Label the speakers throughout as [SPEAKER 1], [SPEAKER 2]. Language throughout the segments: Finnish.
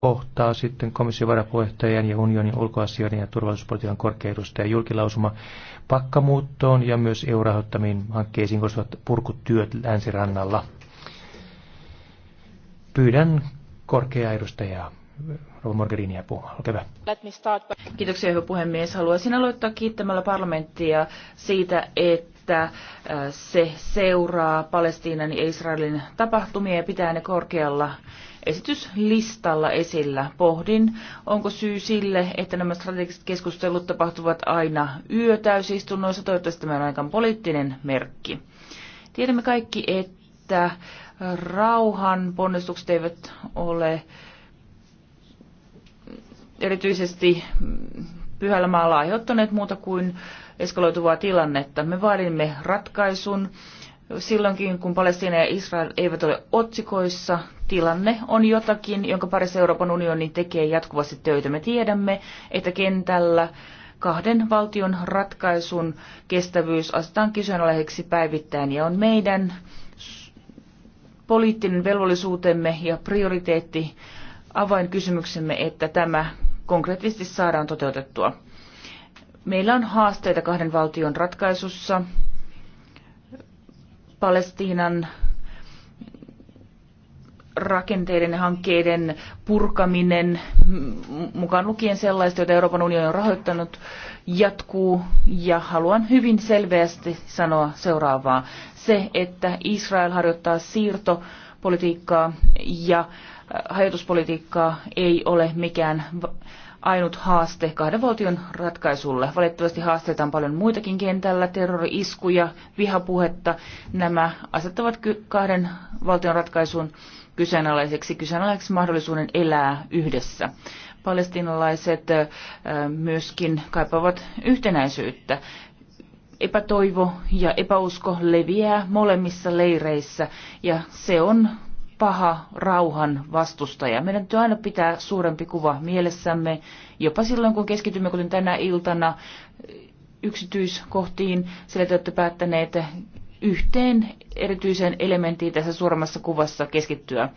[SPEAKER 1] kohtaa sitten komission varapuheenjohtajan ja unionin ulkoasioiden ja turvallisuuspolitiikan korkeudustajan julkilausuma pakkamuuttoon ja myös EU-rahoittamiin hankkeisiin koskevat purkutyöt länsirannalla. Pyydän korkeaa edustajaa Rova Morganinia puhumaan. Olkaa hyvä.
[SPEAKER 2] Kiitoksia, hyvä puhemies. Haluaisin aloittaa kiittämällä parlamenttia siitä, että että äh, se seuraa Palestiinan ja Israelin tapahtumia ja pitää ne korkealla esityslistalla esillä. Pohdin, onko syy sille, että nämä strategiset keskustelut tapahtuvat aina yötäysistunnoissa. Toivottavasti tämä on aika poliittinen merkki. Tiedämme kaikki, että rauhan ponnistukset eivät ole erityisesti pyhällä maalla aiheuttaneet muuta kuin eskaloituvaa tilannetta. Me vaadimme ratkaisun Silloinkin, kun Palestiina ja Israel eivät ole otsikoissa, tilanne on jotakin, jonka parissa Euroopan unioni tekee jatkuvasti töitä. Me tiedämme, että kentällä kahden valtion ratkaisun kestävyys asetaan kyseenalaiseksi päivittäin ja on meidän poliittinen velvollisuutemme ja prioriteetti avainkysymyksemme, että tämä konkreettisesti saadaan toteutettua. Meillä on haasteita kahden valtion ratkaisussa Palestiinan rakenteiden ja hankkeiden purkaminen, mukaan lukien sellaista, joita Euroopan unioni on rahoittanut, jatkuu ja haluan hyvin selveästi sanoa seuraavaa. Se, että Israel harjoittaa siirtopolitiikkaa ja äh, hajotuspolitiikkaa ei ole mikään ainut haaste kahden valtion ratkaisulle. Valitettavasti haasteita on paljon muitakin kentällä, terrori-iskuja, vihapuhetta. Nämä asettavat kahden valtion ratkaisun kyseenalaiseksi, kyseenalaiseksi mahdollisuuden elää yhdessä. Palestinalaiset myöskin kaipaavat yhtenäisyyttä. Epätoivo ja epäusko leviää molemmissa leireissä ja se on paha rauhan vastustaja. Meidän täytyy aina pitää suurempi kuva mielessämme, jopa silloin kun keskitymme, kuten tänä iltana, yksityiskohtiin, sillä te olette päättäneet yhteen erityiseen elementtiin tässä suuremmassa kuvassa keskittyä.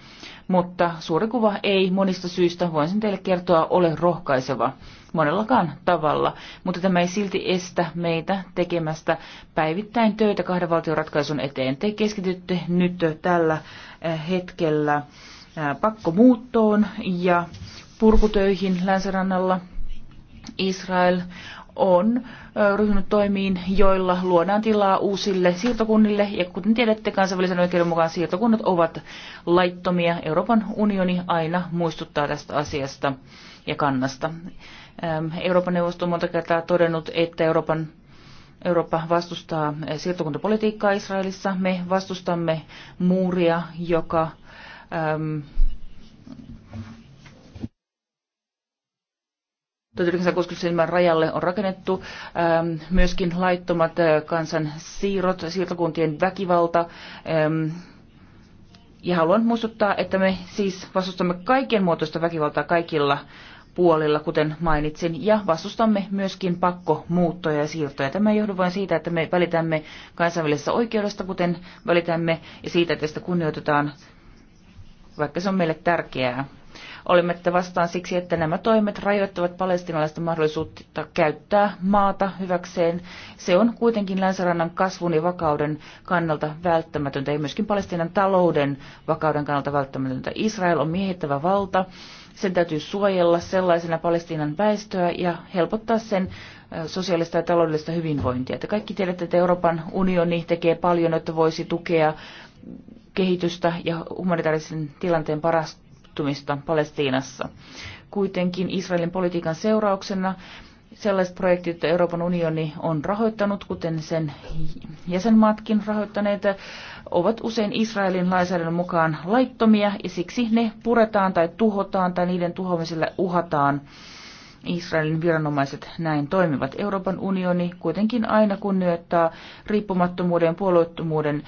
[SPEAKER 2] Mutta suuri kuva ei monista syistä, voin sen teille kertoa, ole rohkaiseva monellakaan tavalla. Mutta tämä ei silti estä meitä tekemästä päivittäin töitä kahden valtion ratkaisun eteen. Te keskitytte nyt tällä äh, hetkellä äh, pakkomuuttoon ja purkutöihin länsirannalla. Israel on ryhtynyt toimiin, joilla luodaan tilaa uusille siirtokunnille. Ja kuten tiedätte, kansainvälisen oikeuden mukaan siirtokunnat ovat laittomia. Euroopan unioni aina muistuttaa tästä asiasta ja kannasta. Euroopan neuvosto on monta kertaa todennut, että Euroopan Eurooppa vastustaa siirtokuntapolitiikkaa Israelissa. Me vastustamme muuria, joka äm, 1967 rajalle on rakennettu ähm, myöskin laittomat äh, kansan siirrot, siirtokuntien väkivalta. Ähm, ja haluan muistuttaa, että me siis vastustamme kaiken muotoista väkivaltaa kaikilla puolilla, kuten mainitsin, ja vastustamme myöskin pakkomuuttoja ja siirtoja. Tämä johdu vain siitä, että me välitämme kansainvälisestä oikeudesta, kuten välitämme, ja siitä, että sitä kunnioitetaan, vaikka se on meille tärkeää. Olimme tätä vastaan siksi, että nämä toimet rajoittavat palestinalaisten mahdollisuutta käyttää maata hyväkseen. Se on kuitenkin länsirannan kasvun ja vakauden kannalta välttämätöntä ja myöskin Palestinan talouden vakauden kannalta välttämätöntä. Israel on miehittävä valta. Sen täytyy suojella sellaisena Palestiinan väestöä ja helpottaa sen sosiaalista ja taloudellista hyvinvointia. Te kaikki tiedätte, että Euroopan unioni tekee paljon, että voisi tukea kehitystä ja humanitaarisen tilanteen tapahtumista Palestiinassa. Kuitenkin Israelin politiikan seurauksena sellaiset projektit, joita Euroopan unioni on rahoittanut, kuten sen jäsenmaatkin rahoittaneet, ovat usein Israelin lainsäädännön mukaan laittomia ja siksi ne puretaan tai tuhotaan tai niiden tuhoamiselle uhataan Israelin viranomaiset näin toimivat. Euroopan unioni kuitenkin aina kunnioittaa riippumattomuuden ja puolueettomuuden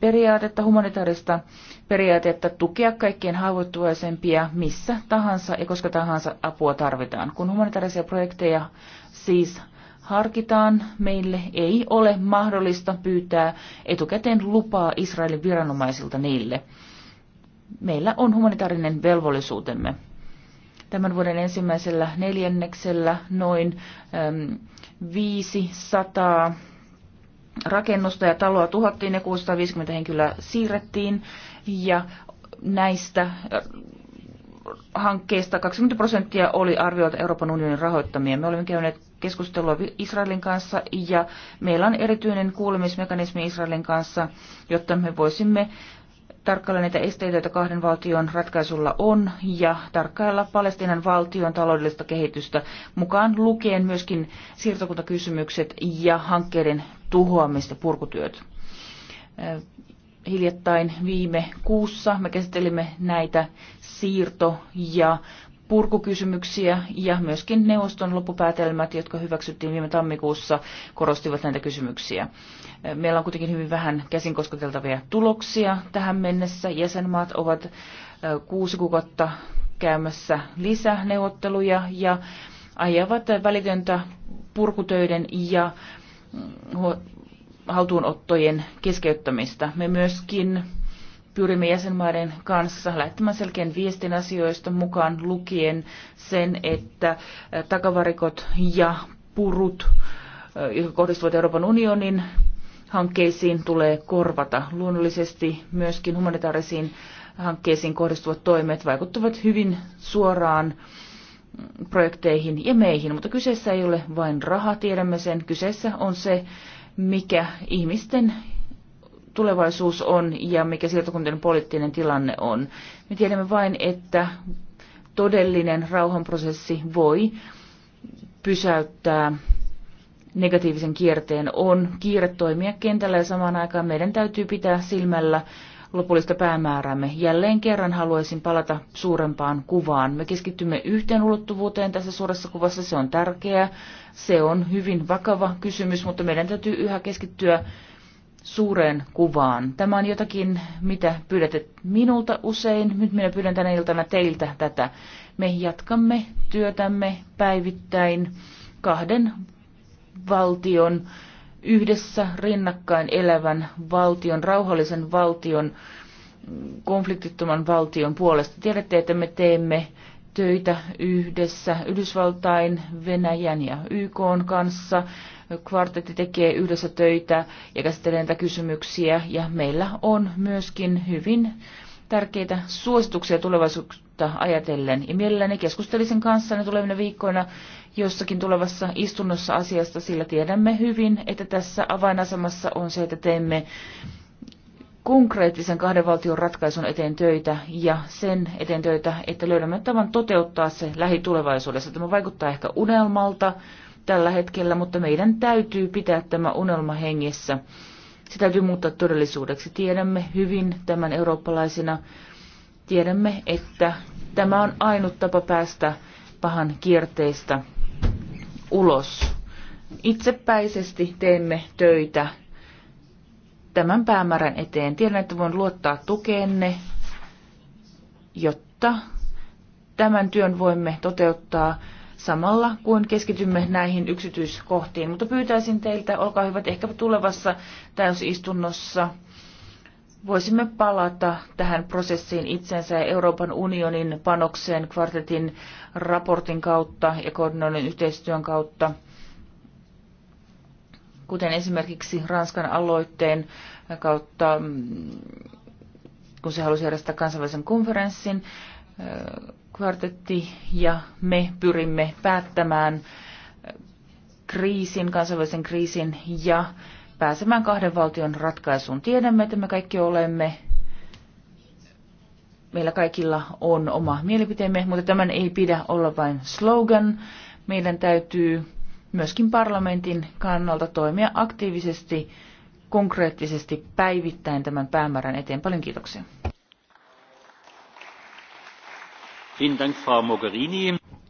[SPEAKER 2] periaatetta, humanitaarista periaatetta tukea kaikkien haavoittuvaisempia missä tahansa ja koska tahansa apua tarvitaan. Kun humanitaarisia projekteja siis harkitaan, meille ei ole mahdollista pyytää etukäteen lupaa Israelin viranomaisilta niille. Meillä on humanitaarinen velvollisuutemme tämän vuoden ensimmäisellä neljänneksellä noin 500 rakennusta ja taloa tuhottiin ja 650 henkilöä siirrettiin ja näistä äh, hankkeista 20 prosenttia oli arvioita Euroopan unionin rahoittamia. Me olemme käyneet keskustelua Israelin kanssa ja meillä on erityinen kuulemismekanismi Israelin kanssa, jotta me voisimme tarkkailla niitä esteitä, joita kahden valtion ratkaisulla on, ja tarkkailla Palestinan valtion taloudellista kehitystä, mukaan lukien myöskin siirtokuntakysymykset ja hankkeiden tuhoamista purkutyöt. Äh, hiljattain viime kuussa me käsittelimme näitä siirto- ja purkukysymyksiä ja myöskin neuvoston loppupäätelmät, jotka hyväksyttiin viime tammikuussa, korostivat näitä kysymyksiä. Meillä on kuitenkin hyvin vähän käsin kosketeltavia tuloksia tähän mennessä. Jäsenmaat ovat kuusi kuukautta käymässä lisäneuvotteluja ja ajavat välitöntä purkutöiden ja mm, haltuunottojen keskeyttämistä. Me myöskin pyrimme jäsenmaiden kanssa lähettämään selkeän viestin asioista mukaan lukien sen, että takavarikot ja purut, jotka kohdistuvat Euroopan unionin hankkeisiin, tulee korvata. Luonnollisesti myöskin humanitaarisiin hankkeisiin kohdistuvat toimet vaikuttavat hyvin suoraan mm, projekteihin ja meihin, mutta kyseessä ei ole vain raha, tiedämme sen. Kyseessä on se, mikä ihmisten tulevaisuus on ja mikä siirtokuntien poliittinen tilanne on. Me tiedämme vain, että todellinen rauhanprosessi voi pysäyttää negatiivisen kierteen. On kiire toimia kentällä ja samaan aikaan meidän täytyy pitää silmällä lopullista päämäärämme. Jälleen kerran haluaisin palata suurempaan kuvaan. Me keskittymme yhteen ulottuvuuteen tässä suuressa kuvassa, se on tärkeää. Se on hyvin vakava kysymys, mutta meidän täytyy yhä keskittyä suureen kuvaan. Tämä on jotakin, mitä pyydätte minulta usein. Nyt minä pyydän tänä iltana teiltä tätä. Me jatkamme työtämme päivittäin kahden valtion yhdessä rinnakkain elävän valtion, rauhallisen valtion, konfliktittoman valtion puolesta. Tiedätte, että me teemme töitä yhdessä Yhdysvaltain, Venäjän ja YK kanssa. Kvartetti tekee yhdessä töitä ja käsittelee näitä kysymyksiä ja meillä on myöskin hyvin tärkeitä suosituksia tulevaisuutta ajatellen. Ja mielelläni keskustelisin kanssanne tulevina viikkoina jossakin tulevassa istunnossa asiasta, sillä tiedämme hyvin, että tässä avainasemassa on se, että teemme konkreettisen kahden valtion ratkaisun eteen töitä ja sen eteen töitä, että löydämme tavan toteuttaa se lähitulevaisuudessa. Tämä vaikuttaa ehkä unelmalta tällä hetkellä, mutta meidän täytyy pitää tämä unelma hengessä. Se täytyy muuttaa todellisuudeksi. Tiedämme hyvin tämän eurooppalaisina. Tiedämme, että tämä on ainut tapa päästä pahan kierteestä ulos. Itsepäisesti teemme töitä tämän päämäärän eteen. Tiedän, että voin luottaa tukeenne, jotta tämän työn voimme toteuttaa samalla, kun keskitymme näihin yksityiskohtiin. Mutta pyytäisin teiltä, olkaa hyvät, ehkä tulevassa täysistunnossa voisimme palata tähän prosessiin itsensä ja Euroopan unionin panokseen kvartetin raportin kautta ja koordinoinnin yhteistyön kautta – kuten esimerkiksi Ranskan aloitteen kautta, mm, kun se halusi järjestää kansainvälisen konferenssin, äh, kvartetti ja me pyrimme päättämään äh, kriisin, kansainvälisen kriisin ja pääsemään kahden valtion ratkaisuun. Tiedämme, että me kaikki olemme, meillä kaikilla on oma mielipiteemme, mutta tämän ei pidä olla vain slogan. Meidän täytyy myöskin parlamentin kannalta toimia aktiivisesti, konkreettisesti päivittäin tämän päämäärän eteen. Paljon kiitoksia.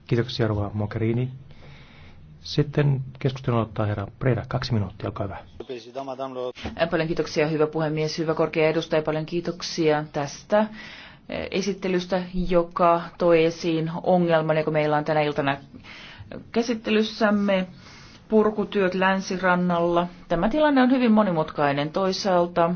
[SPEAKER 1] Kiitoksia, Rova Mogherini. Sitten keskustelun ottaa herra Preda, kaksi minuuttia, olkaa hyvä.
[SPEAKER 2] Paljon kiitoksia, hyvä puhemies, hyvä korkea edustaja, paljon kiitoksia tästä esittelystä, joka toi esiin ongelman, joka meillä on tänä iltana käsittelyssämme purkutyöt länsirannalla. Tämä tilanne on hyvin monimutkainen toisaalta.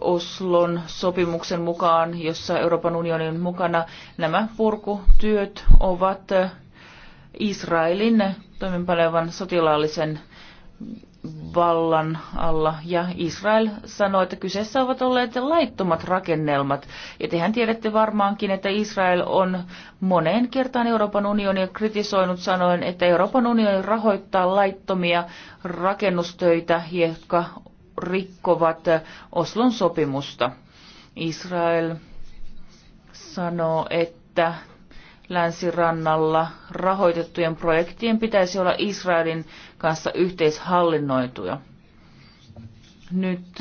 [SPEAKER 2] Oslon sopimuksen mukaan, jossa Euroopan unionin mukana nämä purkutyöt ovat Israelin toimenpalevan sotilaallisen vallan alla. Ja Israel sanoi, että kyseessä ovat olleet laittomat rakennelmat. Ja tehän tiedätte varmaankin, että Israel on moneen kertaan Euroopan unionia kritisoinut sanoen, että Euroopan unioni rahoittaa laittomia rakennustöitä, jotka rikkovat Oslon sopimusta. Israel sanoo, että länsirannalla rahoitettujen projektien pitäisi olla Israelin kanssa yhteishallinnoituja. Nyt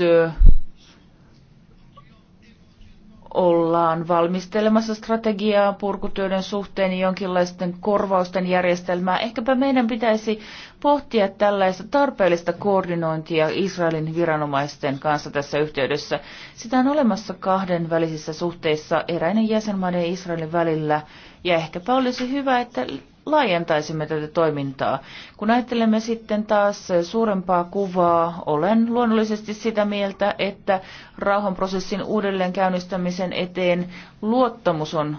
[SPEAKER 2] ollaan valmistelemassa strategiaa purkutyöiden suhteen jonkinlaisten korvausten järjestelmää. Ehkäpä meidän pitäisi pohtia tällaista tarpeellista koordinointia Israelin viranomaisten kanssa tässä yhteydessä. Sitä on olemassa kahden välisissä suhteissa eräinen jäsenmaiden ja Israelin välillä ja ehkäpä olisi hyvä, että laajentaisimme tätä toimintaa. Kun ajattelemme sitten taas suurempaa kuvaa, olen luonnollisesti sitä mieltä, että rauhanprosessin uudelleen käynnistämisen eteen luottamus on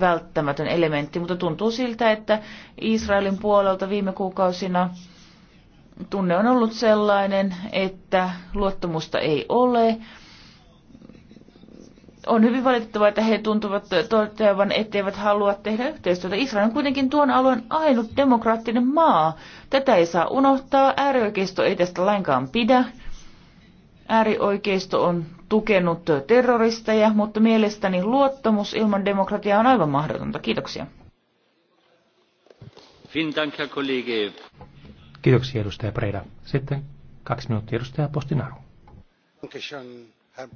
[SPEAKER 2] välttämätön elementti, mutta tuntuu siltä, että Israelin puolelta viime kuukausina tunne on ollut sellainen, että luottamusta ei ole on hyvin valitettavaa, että he tuntuvat toteavan, etteivät halua tehdä yhteistyötä. Israel on kuitenkin tuon alueen ainut demokraattinen maa. Tätä ei saa unohtaa. Äärioikeisto ei tästä lainkaan pidä. Äärioikeisto on tukenut terroristeja, mutta mielestäni luottamus ilman demokratiaa on aivan mahdotonta. Kiitoksia.
[SPEAKER 1] Kiitoksia edustaja Preda. Sitten kaksi minuuttia edustaja Postinaru. Herr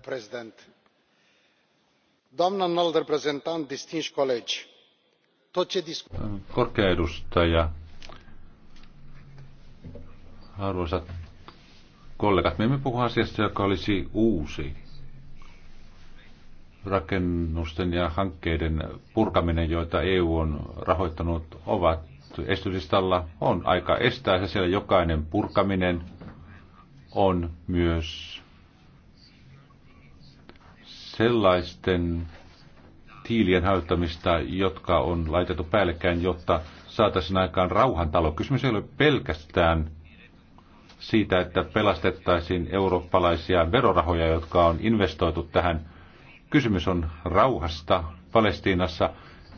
[SPEAKER 1] doamnă înalt reprezentant distinși colegi
[SPEAKER 3] tot ce discutăm. uusi rakennusten ja hankkeiden purkaminen, joita EU on rahoittanut, ovat estysistalla. On aika estää se siellä jokainen purkaminen on myös sellaisten tiilien hajottamista, jotka on laitettu päällekkäin, jotta saataisiin aikaan rauhantalo. Kysymys ei ole pelkästään siitä, että pelastettaisiin eurooppalaisia verorahoja, jotka on investoitu tähän. Kysymys on rauhasta Palestiinassa,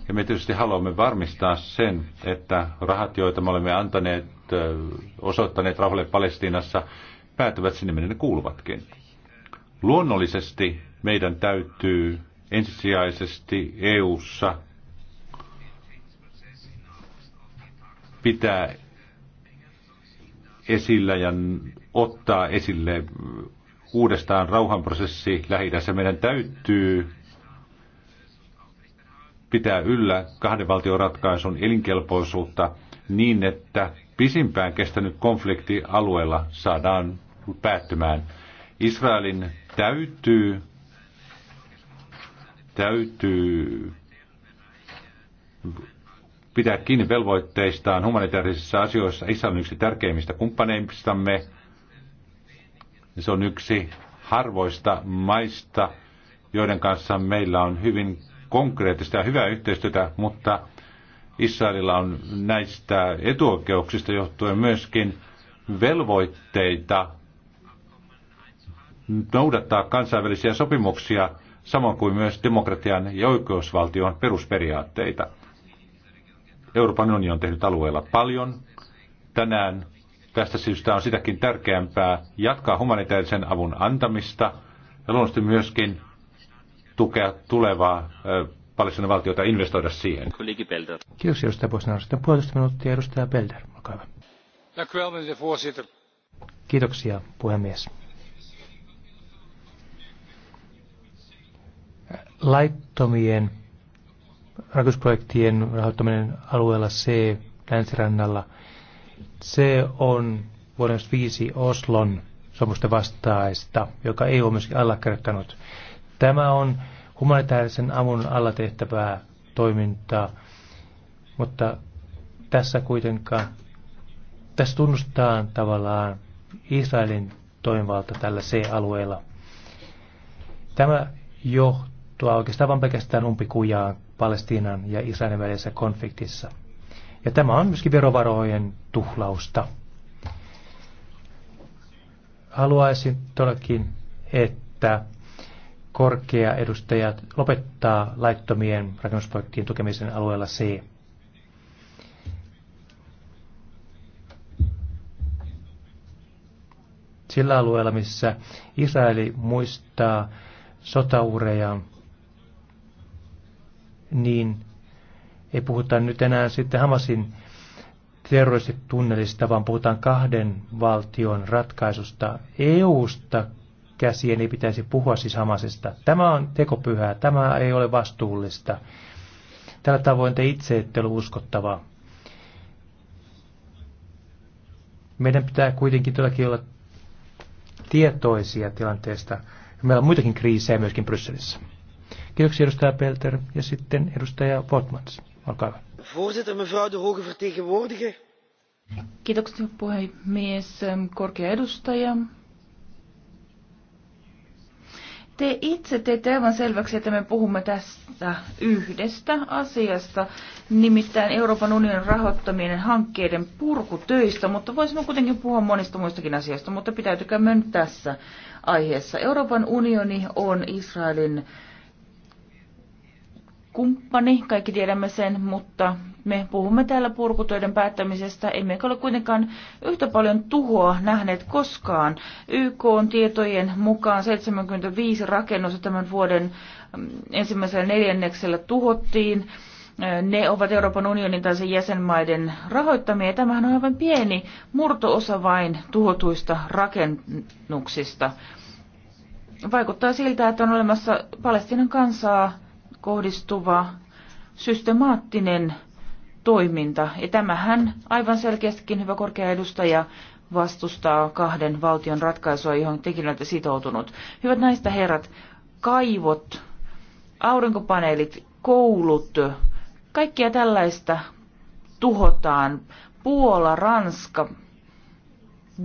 [SPEAKER 3] ja me tietysti haluamme varmistaa sen, että rahat, joita me olemme antaneet, osoittaneet rauhalle Palestiinassa, päätyvät sinne, minne ne kuuluvatkin. Luonnollisesti meidän täytyy ensisijaisesti EU:ssa pitää esillä ja ottaa esille uudestaan rauhanprosessi lähi Meidän täytyy pitää yllä kahden valtion ratkaisun elinkelpoisuutta niin, että pisimpään kestänyt konflikti alueella saadaan päättymään. Israelin täytyy täytyy pitää kiinni velvoitteistaan humanitaarisissa asioissa. Israel on yksi tärkeimmistä kumppaneistamme. Se on yksi harvoista maista, joiden kanssa meillä on hyvin konkreettista ja hyvää yhteistyötä, mutta Israelilla on näistä etuoikeuksista johtuen myöskin velvoitteita noudattaa kansainvälisiä sopimuksia, samoin kuin myös demokratian ja oikeusvaltion perusperiaatteita. Euroopan unioni on tehnyt alueella paljon. Tänään tästä syystä on sitäkin tärkeämpää jatkaa humanitaarisen avun antamista ja luonnollisesti myöskin tukea tulevaa Palestinan valtiota investoida siihen.
[SPEAKER 1] Kiitos edustaja Bosnaro. Sitten puolitoista minuuttia edustaja Belder, olkaa
[SPEAKER 3] hyvä.
[SPEAKER 1] Kiitoksia puhemies. Laittomien rakennusprojektien rahoittaminen alueella C länsirannalla, se on vuoden 5 Oslon sopimusten vastaista, joka ei ole myöskin allakirjoittanut. Tämä on humanitaarisen avun alla tehtävää toimintaa, mutta tässä kuitenkaan, tässä tunnustetaan tavallaan Israelin toimivalta tällä C-alueella. Tämä johtaa ajauduttua oikeastaan vain pelkästään umpikujaan Palestiinan ja Israelin välisessä konfliktissa. Ja tämä on myöskin verovarojen tuhlausta. Haluaisin todellakin, että korkea edustaja lopettaa laittomien rakennusprojektien tukemisen alueella C. Sillä alueella, missä Israeli muistaa sotaureja niin ei puhuta nyt enää sitten Hamasin terroristitunnelista, vaan puhutaan kahden valtion ratkaisusta. EUsta käsien ei pitäisi puhua siis Hamasista. Tämä on tekopyhää, tämä ei ole vastuullista. Tällä tavoin te itse ette ole uskottavaa. Meidän pitää kuitenkin todellakin olla tietoisia tilanteesta. Meillä on muitakin kriisejä myöskin Brysselissä. Kiitoksia edustaja Pelter ja sitten edustaja Votmans. Olkaa hyvä.
[SPEAKER 3] Voorzitter, mevrouw de hoge vertegenwoordiger.
[SPEAKER 2] Kiitoksia puhemies, korkea edustaja. Te itse teette aivan selväksi, että me puhumme tästä yhdestä asiasta, nimittäin Euroopan unionin rahoittamien hankkeiden purkutöistä, mutta voisimme kuitenkin puhua monista muistakin asioista, mutta pitäytykäämme nyt tässä aiheessa. Euroopan unioni on Israelin äh, kumppani, kaikki tiedämme sen, mutta me puhumme täällä purkutöiden päättämisestä, emmekä ole kuitenkaan yhtä paljon tuhoa nähneet koskaan. YK on tietojen mukaan 75 rakennusta tämän vuoden mm, ensimmäisellä neljänneksellä tuhottiin. Äh, ne ovat Euroopan unionin tai sen jäsenmaiden rahoittamia. Tämähän on aivan pieni murtoosa vain tuhotuista rakennuksista. Vaikuttaa siltä, että on olemassa Palestinan kansaa, kohdistuva systemaattinen toiminta. Ja tämähän aivan selkeästikin hyvä korkea edustaja vastustaa kahden valtion ratkaisua, johon tekin olette sitoutunut. Hyvät näistä herrat, kaivot, aurinkopaneelit, koulut, kaikkia tällaista tuhotaan. Puola, Ranska,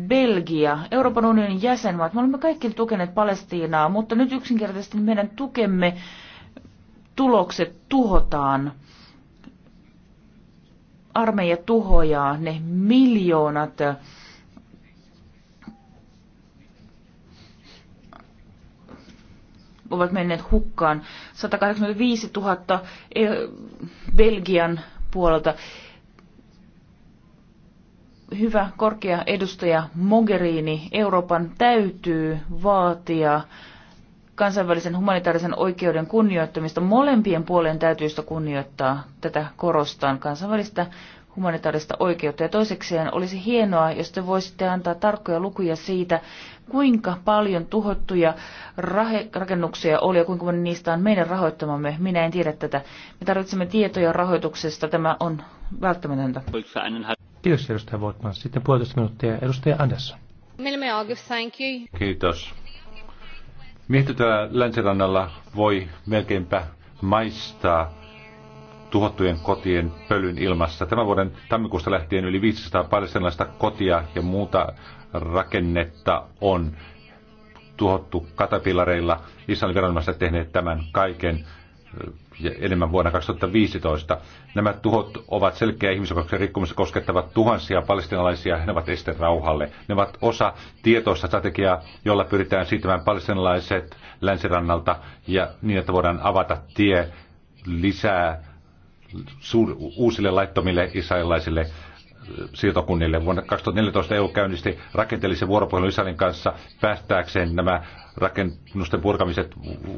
[SPEAKER 2] Belgia, Euroopan unionin jäsenmaat, me olemme kaikki tukeneet Palestiinaa, mutta nyt yksinkertaisesti meidän tukemme tulokset tuhotaan. Armeija tuhojaa ne miljoonat ovat menneet hukkaan. 185 000 eh, Belgian puolelta. Hyvä korkea edustaja Mogherini, Euroopan täytyy vaatia kansainvälisen humanitaarisen oikeuden kunnioittamista. Molempien puolen täytyy sitä kunnioittaa, tätä korostaan, kansainvälistä humanitaarista oikeutta. Ja toisekseen olisi hienoa, jos te voisitte antaa tarkkoja lukuja siitä, kuinka paljon tuhottuja rakennuksia oli ja kuinka moni niistä on meidän rahoittamamme. Minä en tiedä tätä. Me tarvitsemme tietoja rahoituksesta. Tämä on välttämätöntä.
[SPEAKER 1] Kiitos edustaja Voitman. Sitten puolitoista minuuttia edustaja Andersson.
[SPEAKER 3] Kiitos täällä länsirannalla voi melkeinpä maistaa tuhottujen kotien pölyn ilmassa. Tämän vuoden tammikuusta lähtien yli 500 palestinalaista kotia ja muuta rakennetta on tuhottu katapillareilla. Israelin viranomaiset tehneet tämän kaiken enemmän vuonna 2015. Nämä tuhot ovat selkeä ihmisoikeuksien rikkomista koskettavat tuhansia palestinalaisia, ne ovat este rauhalle. Ne ovat osa tietoista strategiaa, jolla pyritään siirtämään palestinalaiset länsirannalta ja niin, että voidaan avata tie lisää uusille laittomille israelilaisille siirtokunnille. Vuonna 2014 EU käynnisti rakenteellisen vuoropuhelun Israelin kanssa päästääkseen nämä rakennusten purkamiset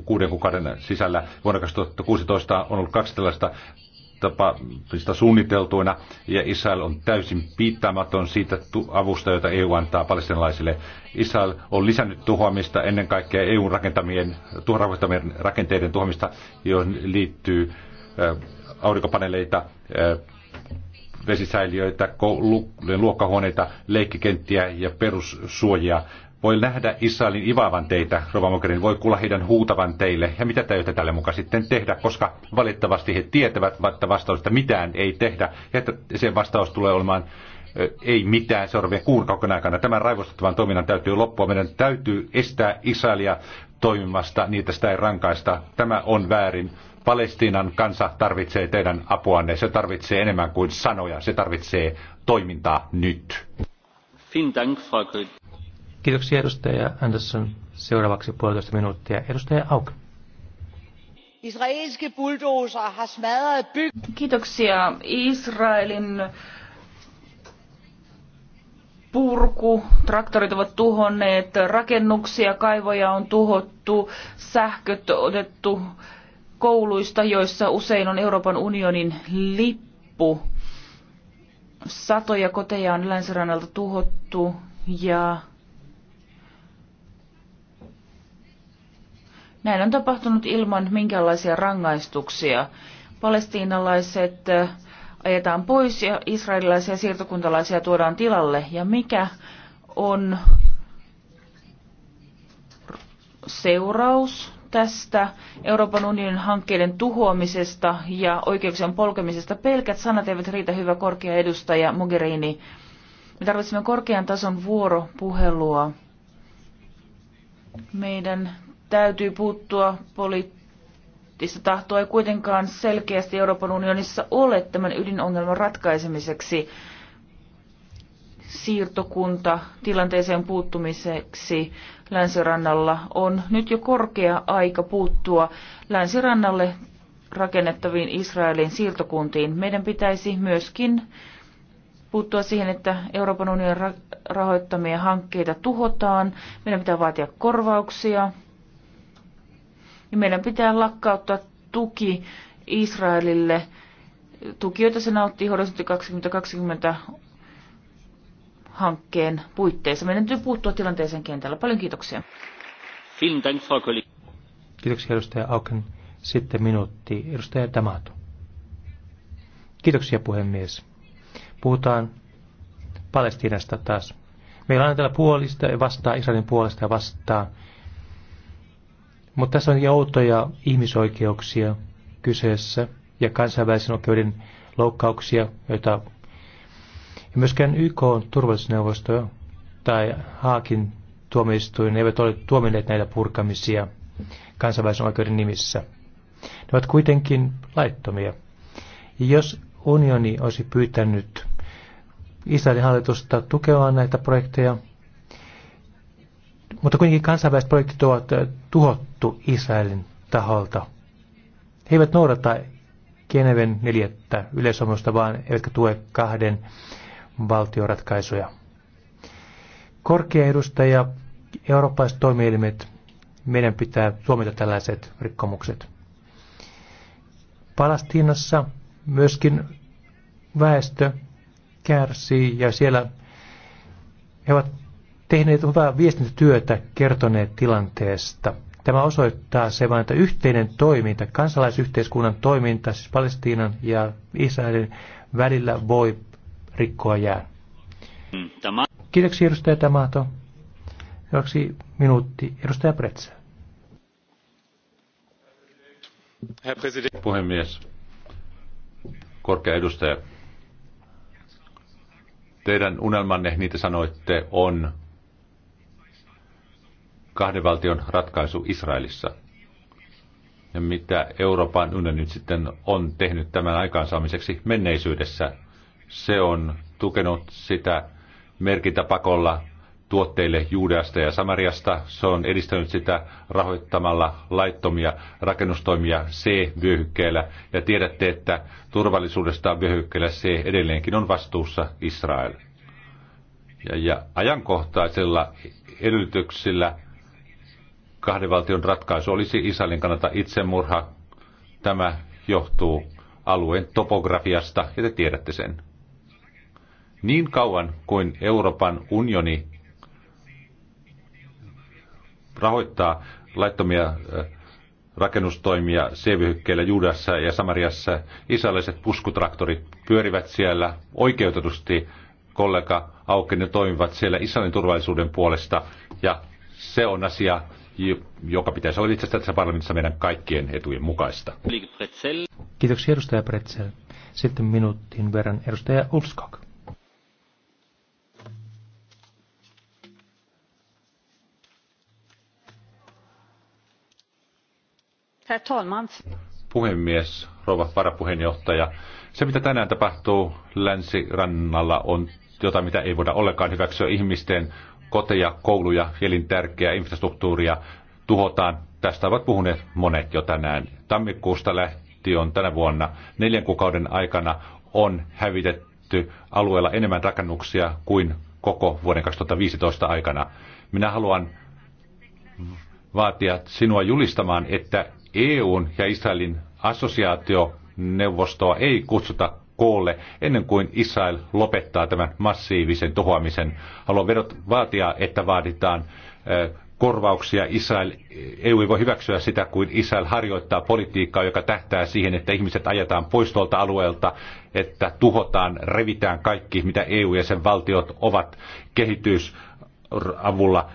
[SPEAKER 3] kuuden kuukauden sisällä. Vuonna 2016 on ollut kaksi tällaista tapaamista suunniteltuina, ja Israel on täysin piittaamaton siitä avusta, jota EU antaa palestinalaisille. Israel on lisännyt tuhoamista ennen kaikkea EUn rakentamien, rakentamien rakenteiden tuhoamista, joihin liittyy aurinkopaneeleita, vesisäiliöitä, luokkahuoneita, leikkikenttiä ja perussuojia. Voi nähdä Israelin ivaavan teitä, Rova Mokerin. voi kuulla heidän huutavan teille. Ja mitä täytyy tälle mukaan sitten tehdä, koska valitettavasti he tietävät, että vastaus, että mitään ei tehdä. Ja että se vastaus tulee olemaan ei mitään seuraavien kuukauden aikana. Tämän raivostuttavan toiminnan täytyy loppua. Meidän täytyy estää Israelia toimimasta niin, että sitä ei rankaista. Tämä on väärin. Palestiinan kansa tarvitsee teidän apuanne. Se tarvitsee enemmän kuin sanoja. Se tarvitsee toimintaa nyt.
[SPEAKER 1] Kiitoksia edustaja Anderson. Seuraavaksi puolitoista minuuttia. Edustaja Auk.
[SPEAKER 2] Kiitoksia. Israelin purku, traktorit ovat tuhonneet, rakennuksia, kaivoja on tuhottu, sähköt otettu kouluista, joissa usein on Euroopan unionin lippu. Satoja koteja on länsirannalta tuhottu ja näin on tapahtunut ilman minkäänlaisia rangaistuksia. Palestiinalaiset äh, ajetaan pois ja israelilaisia siirtokuntalaisia tuodaan tilalle. Ja mikä on seuraus? tästä Euroopan unionin hankkeiden tuhoamisesta ja oikeuksien polkemisesta. Pelkät sanat eivät riitä, hyvä korkea edustaja Mogherini. Me tarvitsemme korkean tason vuoropuhelua. Meidän täytyy puuttua poliittista tahtoa ei kuitenkaan selkeästi Euroopan unionissa ole tämän ydinongelman ratkaisemiseksi siirtokunta tilanteeseen puuttumiseksi länsirannalla on nyt jo korkea aika puuttua länsirannalle rakennettaviin Israelin siirtokuntiin. Meidän pitäisi myöskin puuttua siihen, että Euroopan unionin rahoittamia hankkeita tuhotaan. Meidän pitää vaatia korvauksia. Ja meidän pitää lakkauttaa tuki Israelille. Tuki, jota se nauttii 2020 hankkeen puitteissa. Meidän täytyy puuttua tilanteeseen kentällä. Paljon kiitoksia.
[SPEAKER 1] Kiitoksia edustaja Auken. Sitten minuutti. Edustaja Damato. Kiitoksia puhemies. Puhutaan Palestiinasta taas. Meillä on täällä puolista ja vastaan, Israelin puolesta ja vastaan. Mutta tässä on outoja ihmisoikeuksia kyseessä ja kansainvälisen oikeuden loukkauksia, joita ja myöskään YK turvallisuusneuvosto tai Haakin tuomioistuin eivät ole tuomineet näitä purkamisia kansainvälisen oikeuden nimissä. Ne ovat kuitenkin laittomia. Ja jos unioni olisi pyytänyt Israelin hallitusta tukemaan näitä projekteja, mutta kuitenkin kansainväliset projektit ovat tuhottu Israelin taholta. He eivät noudata Geneven neljättä yleisomusta, vaan eivätkä tue kahden valtioratkaisuja. Korkea edustaja, eurooppalaiset toimielimet, meidän pitää tuomita tällaiset rikkomukset. Palestiinassa myöskin väestö kärsii ja siellä he ovat tehneet hyvää viestintätyötä, kertoneet tilanteesta. Tämä osoittaa se vain, että yhteinen toiminta, kansalaisyhteiskunnan toiminta, siis Palestiinan ja Israelin välillä voi rikkoa jää. Mm, tämä. Kiitoksia edustaja Tamato. Seuraavaksi minuutti edustaja Pretsä.
[SPEAKER 3] Puhemies, korkea edustaja. Teidän unelmanne, niitä sanoitte, on kahden valtion ratkaisu Israelissa. Ja mitä Euroopan unioni nyt sitten on tehnyt tämän aikaansaamiseksi menneisyydessä, se on tukenut sitä merkintäpakolla tuotteille Juudeasta ja Samariasta. Se on edistänyt sitä rahoittamalla laittomia rakennustoimia C-vyöhykkeellä. Ja tiedätte, että turvallisuudesta vyöhykkeellä C edelleenkin on vastuussa Israel. Ja, ja ajankohtaisella edellytyksillä kahden valtion ratkaisu olisi Israelin kannalta itsemurha. Tämä johtuu alueen topografiasta ja te tiedätte sen. Niin kauan kuin Euroopan unioni rahoittaa laittomia rakennustoimia sievyhykkeillä Juudassa ja Samariassa, isalliset puskutraktorit pyörivät siellä oikeutetusti kollega ne toimivat siellä Israelin turvallisuuden puolesta ja se on asia, joka pitäisi olla itse asiassa tässä parlamentissa meidän kaikkien etujen mukaista.
[SPEAKER 1] Kiitoksia edustaja Pretzel. Sitten minuutin verran edustaja Ulskog.
[SPEAKER 2] Herr talman.
[SPEAKER 3] Puhemies, rouva varapuheenjohtaja. Se, mitä tänään tapahtuu länsirannalla, on jotain, mitä ei voida ollenkaan hyväksyä. Ihmisten koteja, kouluja, elintärkeää infrastruktuuria tuhotaan. Tästä ovat puhuneet monet jo tänään. Tammikuusta lähtien tänä vuonna neljän kuukauden aikana on hävitetty alueella enemmän rakennuksia kuin koko vuoden 2015 aikana. Minä haluan vaatia sinua julistamaan, että EUn ja Israelin assosiaationeuvostoa ei kutsuta koolle ennen kuin Israel lopettaa tämän massiivisen tuhoamisen. Haluan vedot vaatia, että vaaditaan korvauksia. Israel, EU ei voi hyväksyä sitä, kuin Israel harjoittaa politiikkaa, joka tähtää siihen, että ihmiset ajetaan pois tuolta alueelta, että tuhotaan, revitään kaikki, mitä EU ja sen valtiot ovat kehitysavulla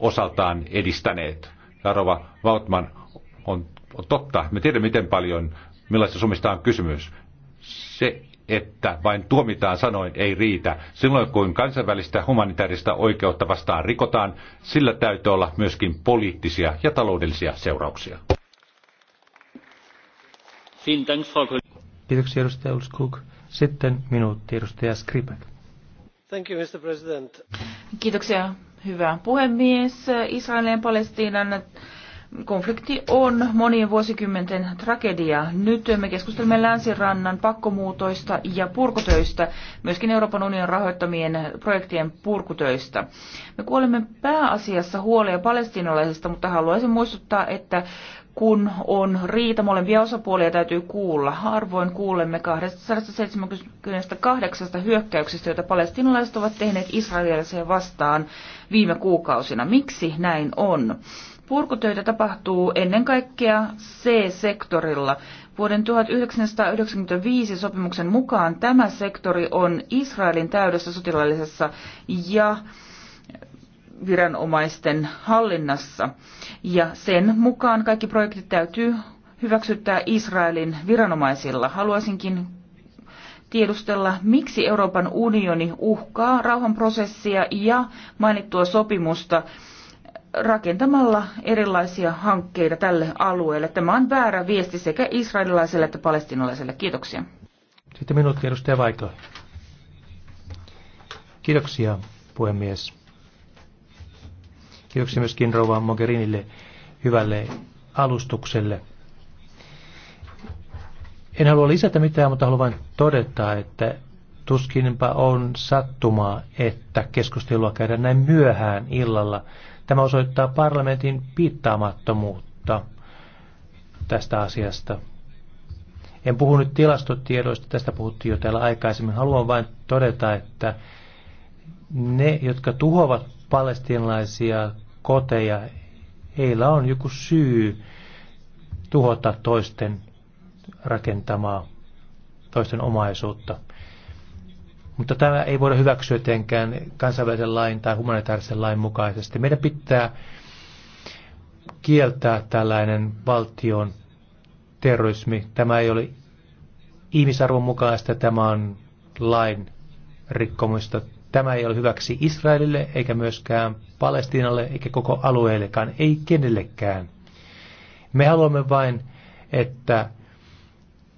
[SPEAKER 3] osaltaan edistäneet. Jarova Vautman, on, on totta. Me tiedämme, miten paljon, millaista summista on kysymys. Se, että vain tuomitaan sanoin, ei riitä. Silloin, kun kansainvälistä humanitaarista oikeutta vastaan rikotaan, sillä täytyy olla myöskin poliittisia ja taloudellisia seurauksia.
[SPEAKER 1] Kiitoksia, edustaja Ulskuk. Sitten minuutti, edustaja Skripek.
[SPEAKER 2] Thank you, Mr. President. Kiitoksia, hyvä puhemies. Israelin ja Palestiinan Konflikti on monien vuosikymmenten tragedia. Nyt me keskustelemme länsirannan pakkomuutoista ja purkutöistä, myöskin Euroopan unionin rahoittamien projektien purkutöistä. Me kuulemme pääasiassa huolia palestinalaisista, mutta haluaisin muistuttaa, että kun on riita, molempia osapuolia täytyy kuulla. Harvoin kuulemme 278 hyökkäyksistä, joita palestinalaiset ovat tehneet israelilaisia vastaan viime kuukausina. Miksi näin on? Purkutöitä tapahtuu ennen kaikkea C-sektorilla. Vuoden 1995 sopimuksen mukaan tämä sektori on Israelin täydessä sotilaallisessa ja viranomaisten hallinnassa. Ja sen mukaan kaikki projektit täytyy hyväksyttää Israelin viranomaisilla. Haluaisinkin tiedustella, miksi Euroopan unioni uhkaa rauhanprosessia ja mainittua sopimusta rakentamalla erilaisia hankkeita tälle alueelle. Tämä on väärä viesti sekä israelilaiselle että palestinalaiselle. Kiitoksia.
[SPEAKER 1] Sitten minuutti edustaja Vaikla. Kiitoksia, puhemies. Kiitoksia myöskin rouva Mogherinille hyvälle alustukselle. En halua lisätä mitään, mutta haluan vain todeta, että tuskinpa on sattumaa, että keskustelua käydään näin myöhään illalla, Tämä osoittaa parlamentin piittaamattomuutta tästä asiasta. En puhu nyt tilastotiedoista, tästä puhuttiin jo täällä aikaisemmin. Haluan vain todeta, että ne, jotka tuhoavat palestinalaisia koteja, heillä on joku syy tuhota toisten rakentamaa, toisten omaisuutta. Mutta tämä ei voida hyväksyä tietenkään kansainvälisen lain tai humanitaarisen lain mukaisesti. Meidän pitää kieltää tällainen valtion terrorismi. Tämä ei ole ihmisarvon mukaista, tämä on lain rikkomista. Tämä ei ole hyväksi Israelille, eikä myöskään Palestiinalle, eikä koko alueellekaan, ei kenellekään. Me haluamme vain, että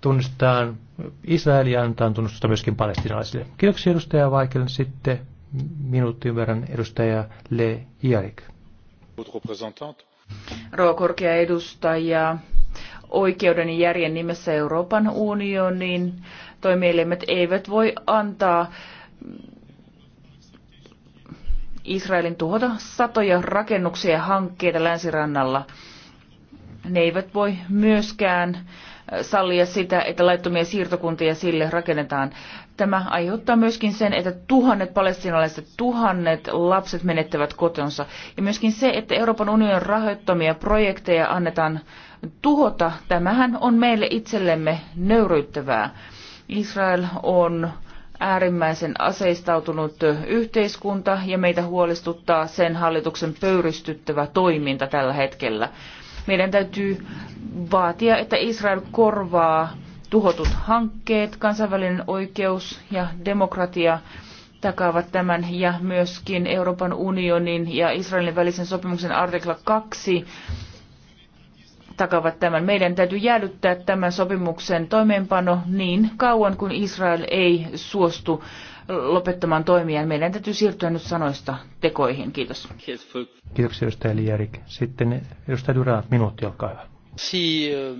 [SPEAKER 1] tunnustetaan Israel ja antaa tunnustusta myöskin palestinalaisille. Kiitoksia edustaja Vaikelle. Sitten minuutin verran edustaja Le Jarik.
[SPEAKER 2] Rouva korkea edustaja, oikeuden ja järjen nimessä Euroopan unionin toimielimet eivät voi antaa Israelin tuhota satoja rakennuksia ja hankkeita länsirannalla – ne eivät voi myöskään äh, sallia sitä, että laittomia siirtokuntia sille rakennetaan. Tämä aiheuttaa myöskin sen, että tuhannet palestinalaiset, tuhannet lapset menettävät kotonsa. Ja myöskin se, että Euroopan unionin rahoittamia projekteja annetaan tuhota, tämähän on meille itsellemme nöyryyttävää. Israel on äärimmäisen aseistautunut yhteiskunta ja meitä huolestuttaa sen hallituksen pöyristyttävä toiminta tällä hetkellä. Meidän täytyy vaatia, että Israel korvaa tuhotut hankkeet, kansainvälinen oikeus ja demokratia takaavat tämän ja myöskin Euroopan unionin ja Israelin välisen sopimuksen artikla 2 takavat tämän. Meidän täytyy jäädyttää tämän sopimuksen toimeenpano niin kauan kuin Israel ei suostu lopettamaan toimia. Meidän täytyy siirtyä nyt sanoista tekoihin. Kiitos.
[SPEAKER 1] Kiitoksia edustaja Liärik. Sitten edustaja Dura, minuutti, olkaa hyvä.
[SPEAKER 2] Euh,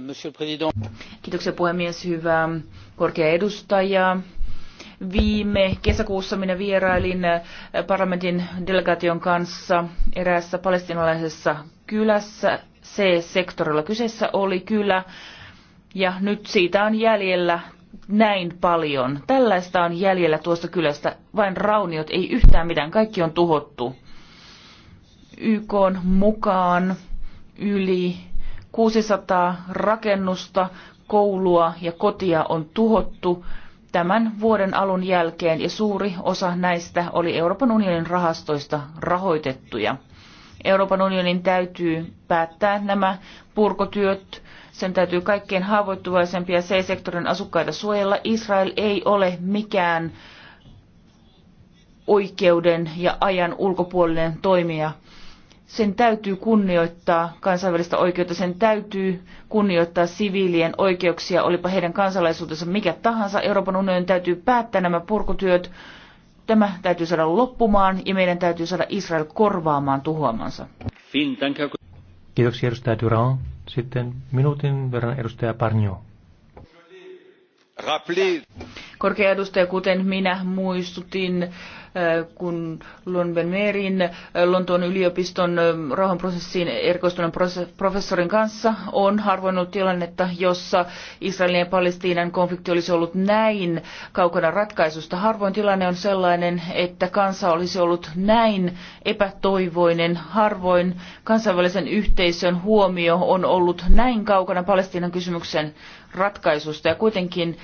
[SPEAKER 2] Kiitoksia puhemies, hyvä korkea edustaja. Viime kesäkuussa minä vierailin parlamentin delegaation kanssa eräässä palestinalaisessa kylässä C-sektorilla. Kyseessä oli kylä, ja nyt siitä on jäljellä näin paljon. Tällaista on jäljellä tuosta kylästä. Vain rauniot, ei yhtään mitään. Kaikki on tuhottu. YK on mukaan yli 600 rakennusta, koulua ja kotia on tuhottu tämän vuoden alun jälkeen ja suuri osa näistä oli Euroopan unionin rahastoista rahoitettuja. Euroopan unionin täytyy päättää nämä purkotyöt sen täytyy kaikkein haavoittuvaisempia C-sektorin asukkaita suojella. Israel ei ole mikään oikeuden ja ajan ulkopuolinen toimija. Sen täytyy kunnioittaa kansainvälistä oikeutta, sen täytyy kunnioittaa siviilien oikeuksia, olipa heidän kansalaisuutensa mikä tahansa. Euroopan unionin täytyy päättää nämä purkutyöt. Tämä täytyy saada loppumaan ja meidän täytyy saada Israel korvaamaan tuhoamansa.
[SPEAKER 1] Kiitoksia edustaja Durand. Sitten minuutin verran edustaja Parnio.
[SPEAKER 2] Korkea edustaja, kuten minä muistutin kun Lunben Benmerin, äh, Lontoon yliopiston äh, rauhanprosessiin erikoistuneen professorin kanssa on harvoin ollut tilannetta, jossa Israelin ja Palestiinan konflikti olisi ollut näin kaukana ratkaisusta. Harvoin tilanne on sellainen, että kansa olisi ollut näin epätoivoinen. Harvoin kansainvälisen yhteisön huomio on ollut näin kaukana Palestiinan kysymyksen ratkaisusta ja kuitenkin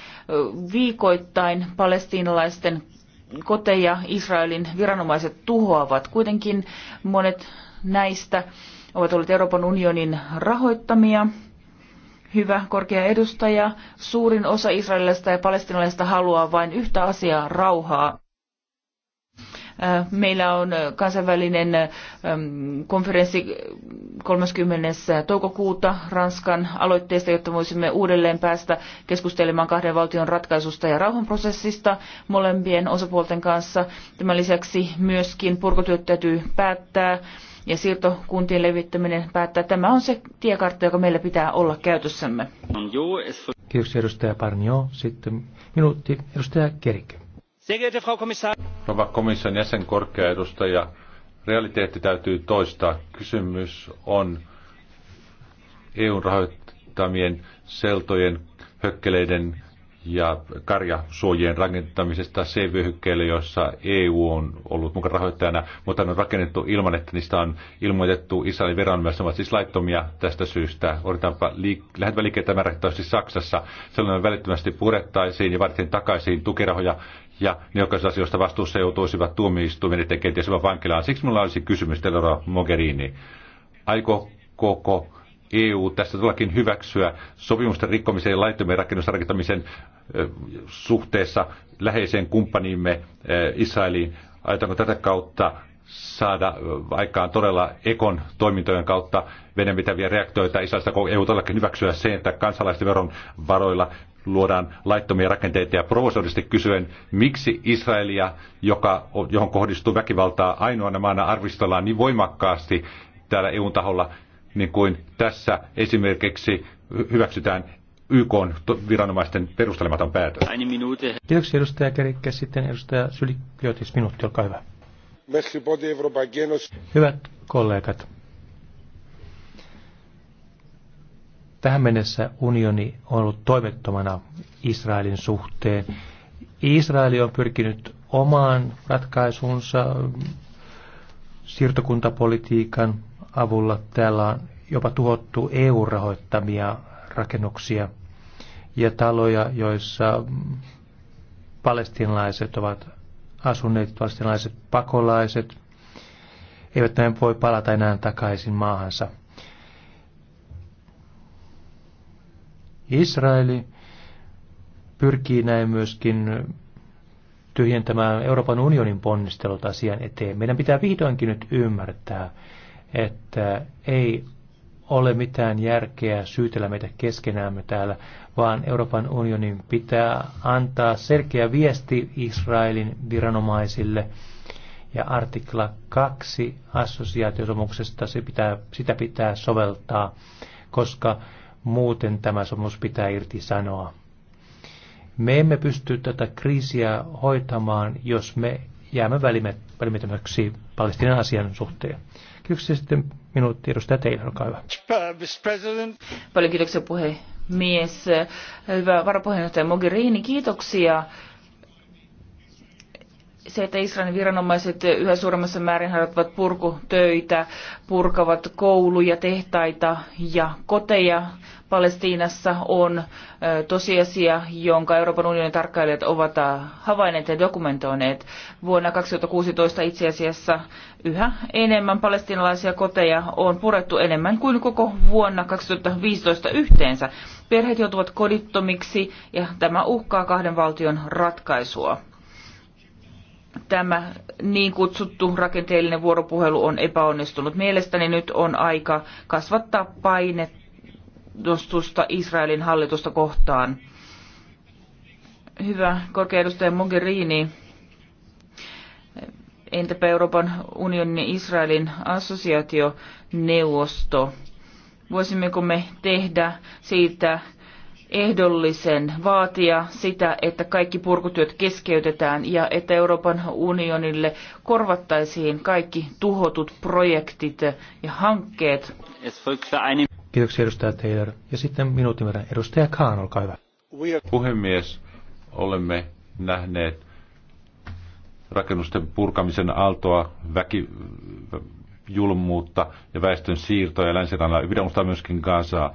[SPEAKER 2] viikoittain palestiinalaisten koteja Israelin viranomaiset tuhoavat. Kuitenkin monet näistä ovat olleet Euroopan unionin rahoittamia. Hyvä korkea edustaja, suurin osa israelilaisista ja palestinalaisista haluaa vain yhtä asiaa, rauhaa. Äh, meillä on äh, kansainvälinen ähm, konferenssi 30. Äh, toukokuuta Ranskan aloitteesta, jotta voisimme uudelleen päästä keskustelemaan kahden valtion ratkaisusta ja rauhanprosessista molempien osapuolten kanssa. Tämän lisäksi myöskin purkotyöt täytyy päättää ja siirtokuntien levittäminen päättää. Tämä on se tiekartta, joka meillä pitää olla käytössämme.
[SPEAKER 1] Kiitos edustaja Parnio. Sitten minuutti edustaja Kerikö.
[SPEAKER 3] Rouva komission jäsen korkea edustaja, realiteetti täytyy toistaa. Kysymys on EUn rahoittamien seltojen, hökkeleiden ja karjasuojien rakentamisesta C-vyöhykkeelle, jossa EU on ollut mukana rahoittajana, mutta ne on rakennettu ilman, että niistä on ilmoitettu Israelin viranomaiset ovat siis laittomia tästä syystä. Odotetaanpa liik- lähetävä liikkeelle tämä siis Saksassa. Sellainen välittömästi purettaisiin ja vartin takaisin tukirahoja, ja ne, jotka asioista vastuussa joutuisivat tuomioistuimen eteen kenties vankilaan. Siksi minulla olisi kysymys, Delora Mogherini. Aiko koko EU tässä todellakin hyväksyä sopimusten rikkomisen ja laittomien rakennusrakentamisen suhteessa läheiseen kumppaniimme Israeliin? Aiotaanko tätä kautta saada aikaan todella ekon toimintojen kautta vedenpitäviä reaktioita. Israelista EU todellakin hyväksyä se, että kansalaisten veron varoilla luodaan laittomia rakenteita ja provosoidusti kysyen, miksi Israelia, joka, johon kohdistuu väkivaltaa ainoana maana, arvistellaan niin voimakkaasti täällä EUn taholla, niin kuin tässä esimerkiksi hyväksytään YK viranomaisten perustelematon päätös.
[SPEAKER 1] Kiitoksia edustaja Kerikkä. Sitten edustaja Sylikiotis, minuutti, olkaa hyvä. Hyvät kollegat, Tähän mennessä unioni on ollut toimettomana Israelin suhteen. Israeli on pyrkinyt omaan ratkaisunsa siirtokuntapolitiikan avulla. Täällä on jopa tuhottu EU-rahoittamia rakennuksia ja taloja, joissa palestinalaiset ovat asuneet, palestinalaiset pakolaiset, eivät näin voi palata enää takaisin maahansa – Israeli pyrkii näin myöskin tyhjentämään Euroopan unionin ponnistelut asian eteen. Meidän pitää vihdoinkin nyt ymmärtää, että ei ole mitään järkeä syytellä meitä me täällä, vaan Euroopan unionin pitää antaa selkeä viesti Israelin viranomaisille. Ja artikla 2 assosiaatiosomuksesta se pitää, sitä pitää soveltaa, koska muuten tämä sopimus pitää irti sanoa. Me emme pysty tätä kriisiä hoitamaan, jos me jäämme välimettömäksi Palestinan asian suhteen. Kiitoksia sitten minuutti edustaja teille, olkaa hyvä.
[SPEAKER 2] Paljon kiitoksia puhemies. Hyvä varapuheenjohtaja Mogherini, kiitoksia se, että Israelin viranomaiset yhä suuremmassa määrin harjoittavat purkutöitä, purkavat kouluja, tehtaita ja koteja Palestiinassa on tosiasia, jonka Euroopan unionin tarkkailijat ovat havainneet ja dokumentoineet. Vuonna 2016 itse asiassa yhä enemmän palestiinalaisia koteja on purettu enemmän kuin koko vuonna 2015 yhteensä. Perheet joutuvat kodittomiksi ja tämä uhkaa kahden valtion ratkaisua tämä niin kutsuttu rakenteellinen vuoropuhelu on epäonnistunut. Mielestäni nyt on aika kasvattaa painostusta Israelin hallitusta kohtaan. Hyvä korkeudustaja Mogherini, entäpä Euroopan unionin ja Israelin assosiaationeuvosto? Voisimmeko me tehdä siitä ehdollisen vaatia sitä, että kaikki purkutyöt keskeytetään ja että Euroopan unionille korvattaisiin kaikki tuhotut projektit ja hankkeet.
[SPEAKER 1] Kiitoksia edustaja Taylor. Ja sitten minuutin verran edustaja Kaan, olkaa hyvä.
[SPEAKER 3] Puhemies, olemme nähneet rakennusten purkamisen aaltoa, väki, julmuutta ja väestön siirtoja länsirannalla. Yhdä myöskin Gazaa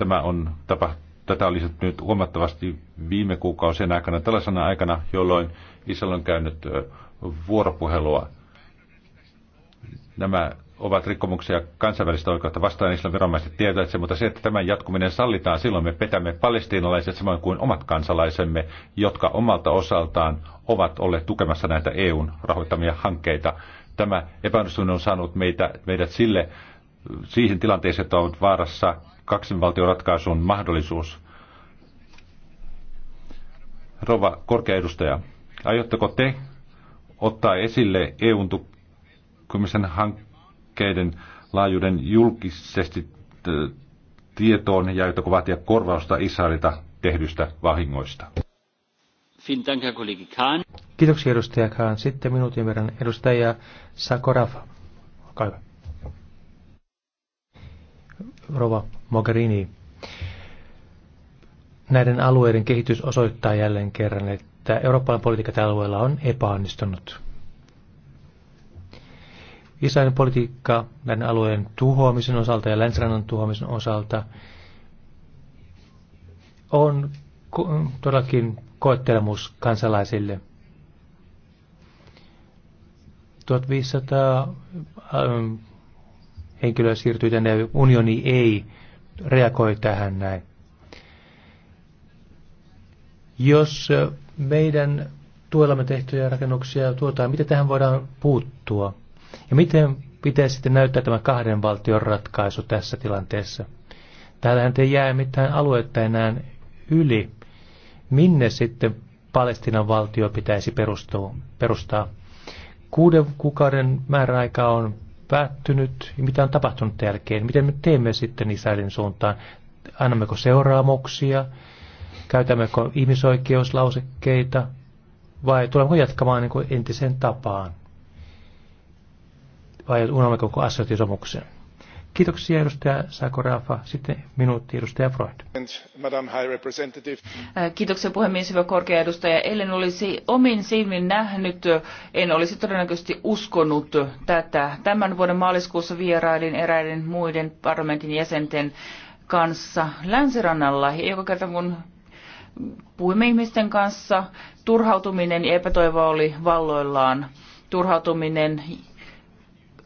[SPEAKER 3] Tämä on tapa, tätä on lisätty huomattavasti viime kuukausien aikana, tällaisena aikana, jolloin Israel on käynyt vuoropuhelua. Nämä ovat rikkomuksia kansainvälistä oikeutta vastaan, Israelin viranomaiset tietävät sen, mutta se, että tämän jatkuminen sallitaan, silloin me petämme palestiinalaiset samoin kuin omat kansalaisemme, jotka omalta osaltaan ovat olleet tukemassa näitä EUn rahoittamia hankkeita. Tämä epäonnistuminen on saanut meitä, meidät sille siihen tilanteeseen, että ovat vaarassa kaksinvaltioratkaisun mahdollisuus. Rova korkea edustaja, aiotteko te ottaa esille EUn tukemisen hankkeiden laajuuden julkisesti äh, tietoon ja aiotteko vaatia korvausta Israelilta tehdystä vahingoista?
[SPEAKER 1] Kiitoksia edustaja Kahn. Sitten minuutin verran edustaja Sakorafa. Olkaa hyvä. Rova Mogherini. Näiden alueiden kehitys osoittaa jälleen kerran, että Euroopan politiikka tällä alueella on epäonnistunut. Israelin politiikka näiden alueen tuhoamisen osalta ja länsirannan tuhoamisen osalta on todellakin koettelemus kansalaisille. 1500 henkilöä siirtyy tänne unioni ei reagoi tähän näin. Jos meidän tuellamme tehtyjä rakennuksia tuotaan, miten tähän voidaan puuttua? Ja miten pitäisi sitten näyttää tämä kahden valtion ratkaisu tässä tilanteessa? Täällähän ei jää mitään aluetta enää yli. Minne sitten Palestinan valtio pitäisi perustua, perustaa? Kuuden kuukauden määräaika on päättynyt ja mitä on tapahtunut jälkeen. Miten me teemme sitten Israelin suuntaan? Annammeko seuraamuksia? Käytämmekö ihmisoikeuslausekkeita? Vai tulemmeko jatkamaan niin kuin entiseen tapaan? Vai unohdammeko koko assosiaatiosomuksen? Kiitoksia edustaja Rafa. Sitten minuutti edustaja Freud.
[SPEAKER 2] Äh, kiitoksia puhemies, hyvä korkea edustaja. Ellen olisi omin silmin nähnyt, en olisi todennäköisesti uskonut tätä. Tämän vuoden maaliskuussa vierailin eräiden muiden parlamentin jäsenten kanssa länsirannalla. Ja joka kerta kun puhuimme ihmisten kanssa, turhautuminen ja epätoivo oli valloillaan. Turhautuminen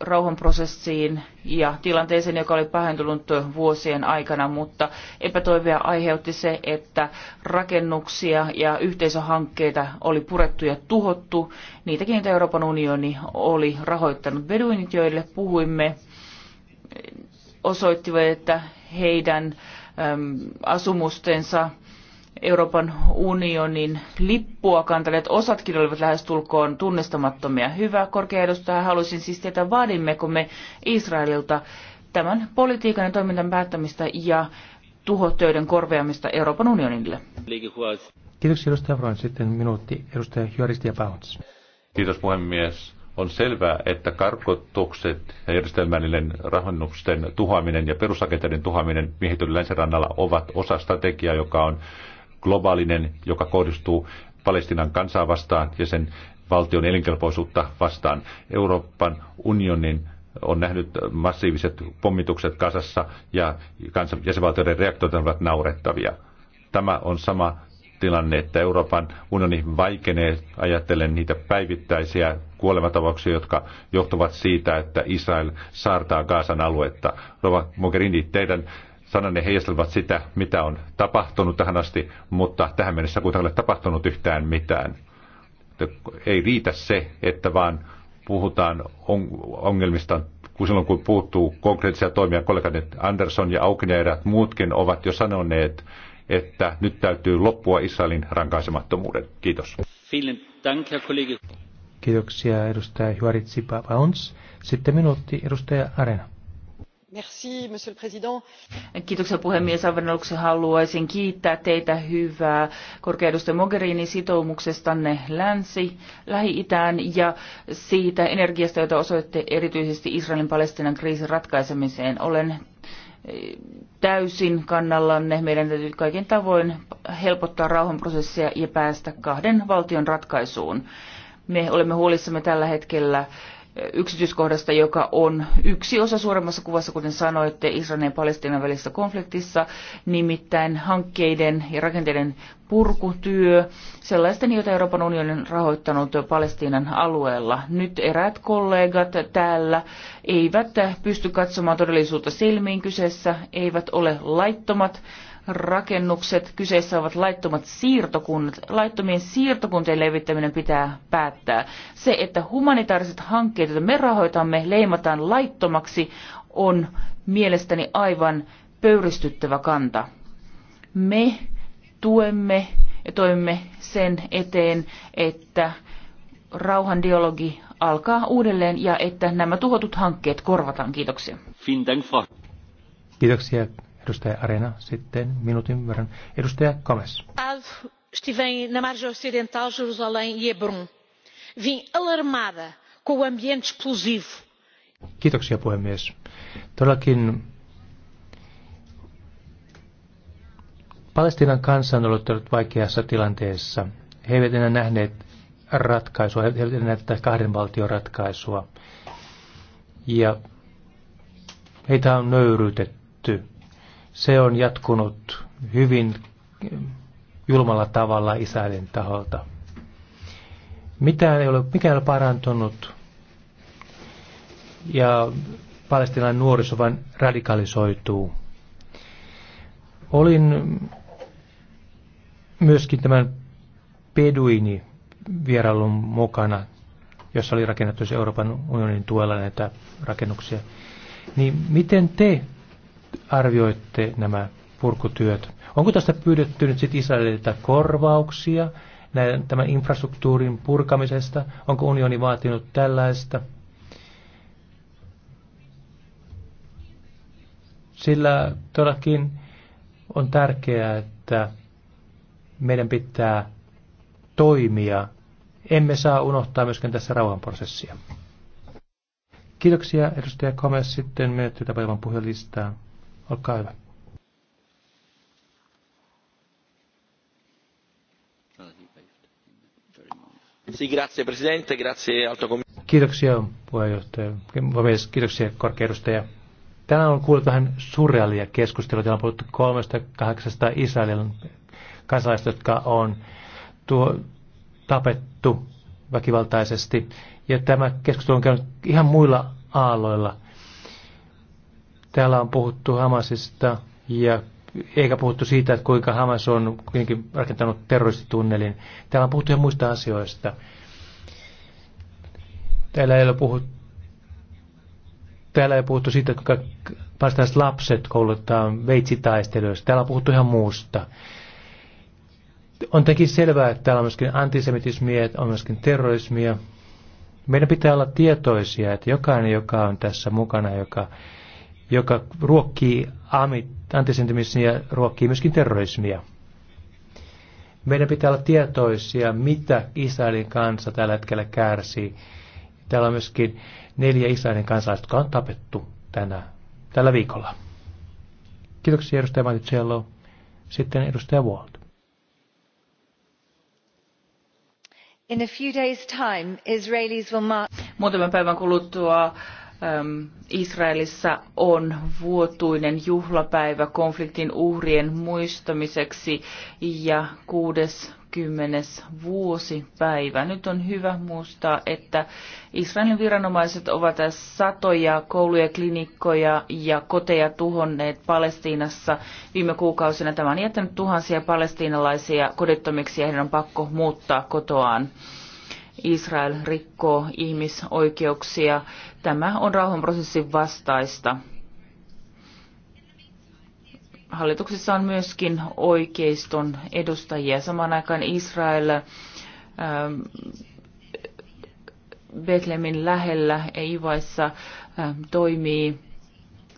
[SPEAKER 2] rauhanprosessiin ja tilanteeseen, joka oli pahentunut vuosien aikana, mutta epätoivoa aiheutti se, että rakennuksia ja yhteisöhankkeita oli purettu ja tuhottu. Niitäkin, joita Euroopan unioni oli rahoittanut beduinit, joille puhuimme, osoittivat, että heidän asumustensa Euroopan unionin lippua kantaneet osatkin olivat lähestulkoon tunnistamattomia. Hyvä korkea edustaja, haluaisin siis tietää, vaadimmeko me Israelilta tämän politiikan ja toiminnan päättämistä ja tuhotöiden korveamista Euroopan unionille.
[SPEAKER 1] Kiitoksia edustaja Sitten minuutti edustaja Jyristi ja
[SPEAKER 3] Kiitos puhemies. On selvää, että karkotukset ja järjestelmällinen rahoituksen tuhoaminen ja perusrakenteiden tuhoaminen miehityllä länsirannalla ovat osa strategiaa, joka on globaalinen, joka kohdistuu Palestinan kansaa vastaan ja sen valtion elinkelpoisuutta vastaan. Euroopan unionin on nähnyt massiiviset pommitukset kasassa ja jäsenvaltioiden reaktiot ovat naurettavia. Tämä on sama tilanne, että Euroopan unioni vaikenee, ajattelen niitä päivittäisiä kuolematavauksia, jotka johtuvat siitä, että Israel saartaa Gaasan aluetta. Rova Mogherini, teidän sananne heijastelevat sitä, mitä on tapahtunut tähän asti, mutta tähän mennessä kuitenkaan ole tapahtunut yhtään mitään. Ei riitä se, että vaan puhutaan ongelmista kun silloin kun puuttuu konkreettisia toimia, kollegat Anderson ja Aukin ja erät muutkin ovat jo sanoneet, että nyt täytyy loppua Israelin rankaisemattomuuden. Kiitos.
[SPEAKER 1] Kiitoksia edustaja Juaritsi Paons. Sitten minuutti edustaja Arena.
[SPEAKER 2] Kiitoksia puhemies. Aivan aluksi haluaisin kiittää teitä hyvää edustaja Mogherini sitoumuksestanne länsi, Lähi-Itään ja siitä energiasta, jota osoitte erityisesti Israelin Palestiinan kriisin ratkaisemiseen. Olen eh, täysin kannallanne. Meidän täytyy kaiken tavoin helpottaa rauhanprosessia ja päästä kahden valtion ratkaisuun. Me olemme huolissamme tällä hetkellä yksityiskohdasta, joka on yksi osa suuremmassa kuvassa, kuten sanoitte, Israelin ja Palestiinan välisessä konfliktissa, nimittäin hankkeiden ja rakenteiden purkutyö, sellaisten, joita Euroopan unioni on rahoittanut Palestiinan alueella. Nyt eräät kollegat täällä eivät pysty katsomaan todellisuutta silmiin kyseessä, eivät ole laittomat rakennukset. Kyseessä ovat laittomat siirtokunnat. Laittomien siirtokuntien levittäminen pitää päättää. Se, että humanitaariset hankkeet, joita me rahoitamme, leimataan laittomaksi, on mielestäni aivan pöyristyttävä kanta. Me tuemme ja toimimme sen eteen, että rauhan dialogi alkaa uudelleen ja että nämä tuhotut hankkeet korvataan. Kiitoksia.
[SPEAKER 1] Kiitoksia Edustaja Arena, sitten minuutin verran. Edustaja Kales. Estive na margem ocidental, Jerusalém e Hebron. Vim alarmada com o ambiente explosivo. Kiitoksia puhemies. Todellakin Palestinan kansa on ollut vaikeassa tilanteessa. He eivät enää nähneet ratkaisua, he eivät enää nähneet kahden valtion ratkaisua. Ja heitä on nöyryytetty se on jatkunut hyvin julmalla tavalla Israelin taholta. Mitään ei ole, mikä ei ole parantunut. Ja palestinainen nuoriso vain radikalisoituu. Olin myöskin tämän Peduini vierailun mukana, jossa oli rakennettu se Euroopan unionin tuella näitä rakennuksia. Niin miten te arvioitte nämä purkutyöt? Onko tästä pyydetty nyt sitten Israelilta korvauksia näiden, tämän infrastruktuurin purkamisesta? Onko unioni vaatinut tällaista? Sillä todellakin on tärkeää, että meidän pitää toimia. Emme saa unohtaa myöskään tässä rauhanprosessia. Kiitoksia edustaja Komes. Sitten menettelytapäivän puhelistaa. Olkaa hyvä. Kiitoksia puheenjohtaja. Kiitoksia korkea edustaja. Tänään on kuullut vähän surrealia keskustelua. Täällä on puhuttu 300 Israelin kansalaista, jotka on tuo, tapettu väkivaltaisesti. Ja tämä keskustelu on käynyt ihan muilla aalloilla. Täällä on puhuttu Hamasista ja eikä puhuttu siitä, että kuinka Hamas on kuitenkin rakentanut terroristitunnelin. Täällä on puhuttu jo muista asioista. Täällä ei ole puhuttu, täällä ei puhuttu siitä, että päästään lapset koulutetaan veitsitaisteluista. Täällä on puhuttu ihan muusta. On tekin selvää, että täällä on myöskin antisemitismiä, on myöskin terrorismia. Meidän pitää olla tietoisia, että jokainen, joka on tässä mukana, joka joka ruokkii ja ruokkii myöskin terrorismia. Meidän pitää olla tietoisia, mitä Israelin kansa tällä hetkellä kärsii. Täällä on myöskin neljä Israelin kansalaista, jotka on tapettu tänä, tällä viikolla. Kiitoksia edustaja Maticello. Sitten edustaja Wald.
[SPEAKER 3] In a few days
[SPEAKER 2] time, Israelis will mark... Muutaman päivän kuluttua Israelissa on vuotuinen juhlapäivä konfliktin uhrien muistamiseksi ja 60. vuosipäivä. Nyt on hyvä muistaa, että Israelin viranomaiset ovat satoja kouluja, klinikkoja ja koteja tuhonneet Palestiinassa viime kuukausina. Tämä on jättänyt tuhansia palestiinalaisia kodittomiksi ja heidän on pakko muuttaa kotoaan. Israel rikkoo ihmisoikeuksia. Tämä on rauhanprosessin vastaista. Hallituksessa on myöskin oikeiston edustajia. Samaan aikaan Israel ähm, Betlemin lähellä Eivaissa ähm, toimii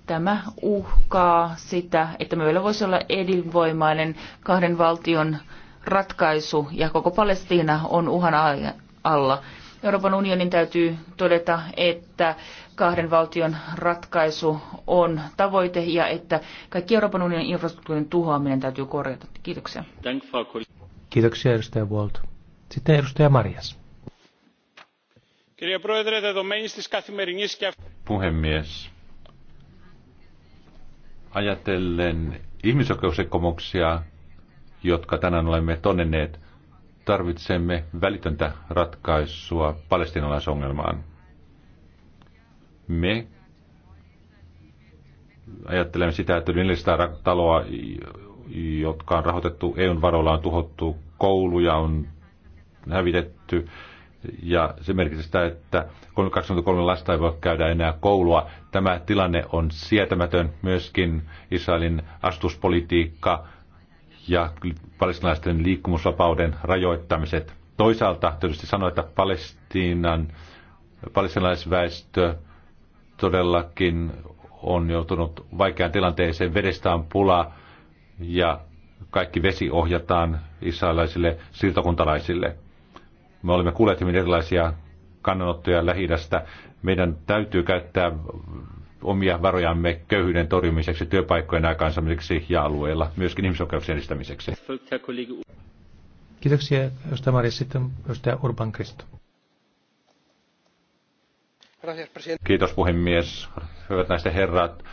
[SPEAKER 2] tämä uhkaa sitä, että meillä voisi olla edinvoimainen kahden valtion ratkaisu ja koko Palestiina on uhan alla. Euroopan unionin täytyy todeta, että kahden valtion ratkaisu on tavoite ja että kaikki Euroopan unionin infrastruktuurin tuhoaminen täytyy korjata. Kiitoksia.
[SPEAKER 1] Kiitoksia edustaja Walt. Sitten edustaja Marias.
[SPEAKER 3] Puhemies, ajatellen ihmisoikeusrikkomuksia, jotka tänään olemme todenneet, tarvitsemme välitöntä ratkaisua palestinalaisongelmaan. Me ajattelemme sitä, että yli 400 taloa, jotka on rahoitettu EUn varoilla, on tuhottu, kouluja on hävitetty, ja se merkitsee sitä, että 23 lasta ei voi käydä enää koulua. Tämä tilanne on sietämätön myöskin Israelin astuspolitiikka ja palestinaisten liikkumusvapauden rajoittamiset. Toisaalta tietysti sanoa, että Palestiinan, palestinaisväestö todellakin on joutunut vaikeaan tilanteeseen, vedestä on pula ja kaikki vesi ohjataan israelaisille siirtokuntalaisille. Me olemme kuulleet hyvin erilaisia kannanottoja lähi Meidän täytyy käyttää omia varojamme köyhyyden torjumiseksi, työpaikkojen aikaansaamiseksi ja alueella myöskin ihmisoikeuksien edistämiseksi.
[SPEAKER 1] Kiitoksia, Josta Maria. Sitten Josta Urban Kristo.
[SPEAKER 3] Kiitos puhemies. Hyvät näistä herrat.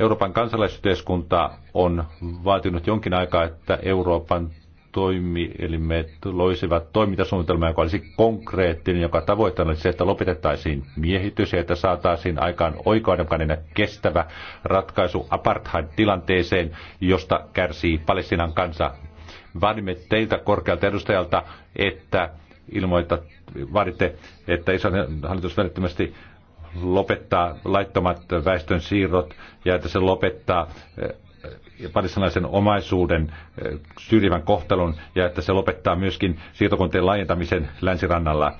[SPEAKER 3] Euroopan kansalaisyhteiskunta on vaatinut jonkin aikaa, että Euroopan toimi eli me loisivat toimintasuunnitelma, joka olisi konkreettinen, joka tavoittanut se, että lopetettaisiin miehitys ja että saataisiin aikaan oikeudenmukainen ja kestävä ratkaisu apartheid-tilanteeseen, josta kärsii Palestinan kansa. Vaadimme teiltä korkealta edustajalta, että ilmoita, vaaditte, että Israelin hallitus välittömästi lopettaa laittomat väestön siirrot ja että se lopettaa palestinaisen omaisuuden eh, syrjivän kohtelun ja että se lopettaa myöskin siirtokuntien laajentamisen länsirannalla.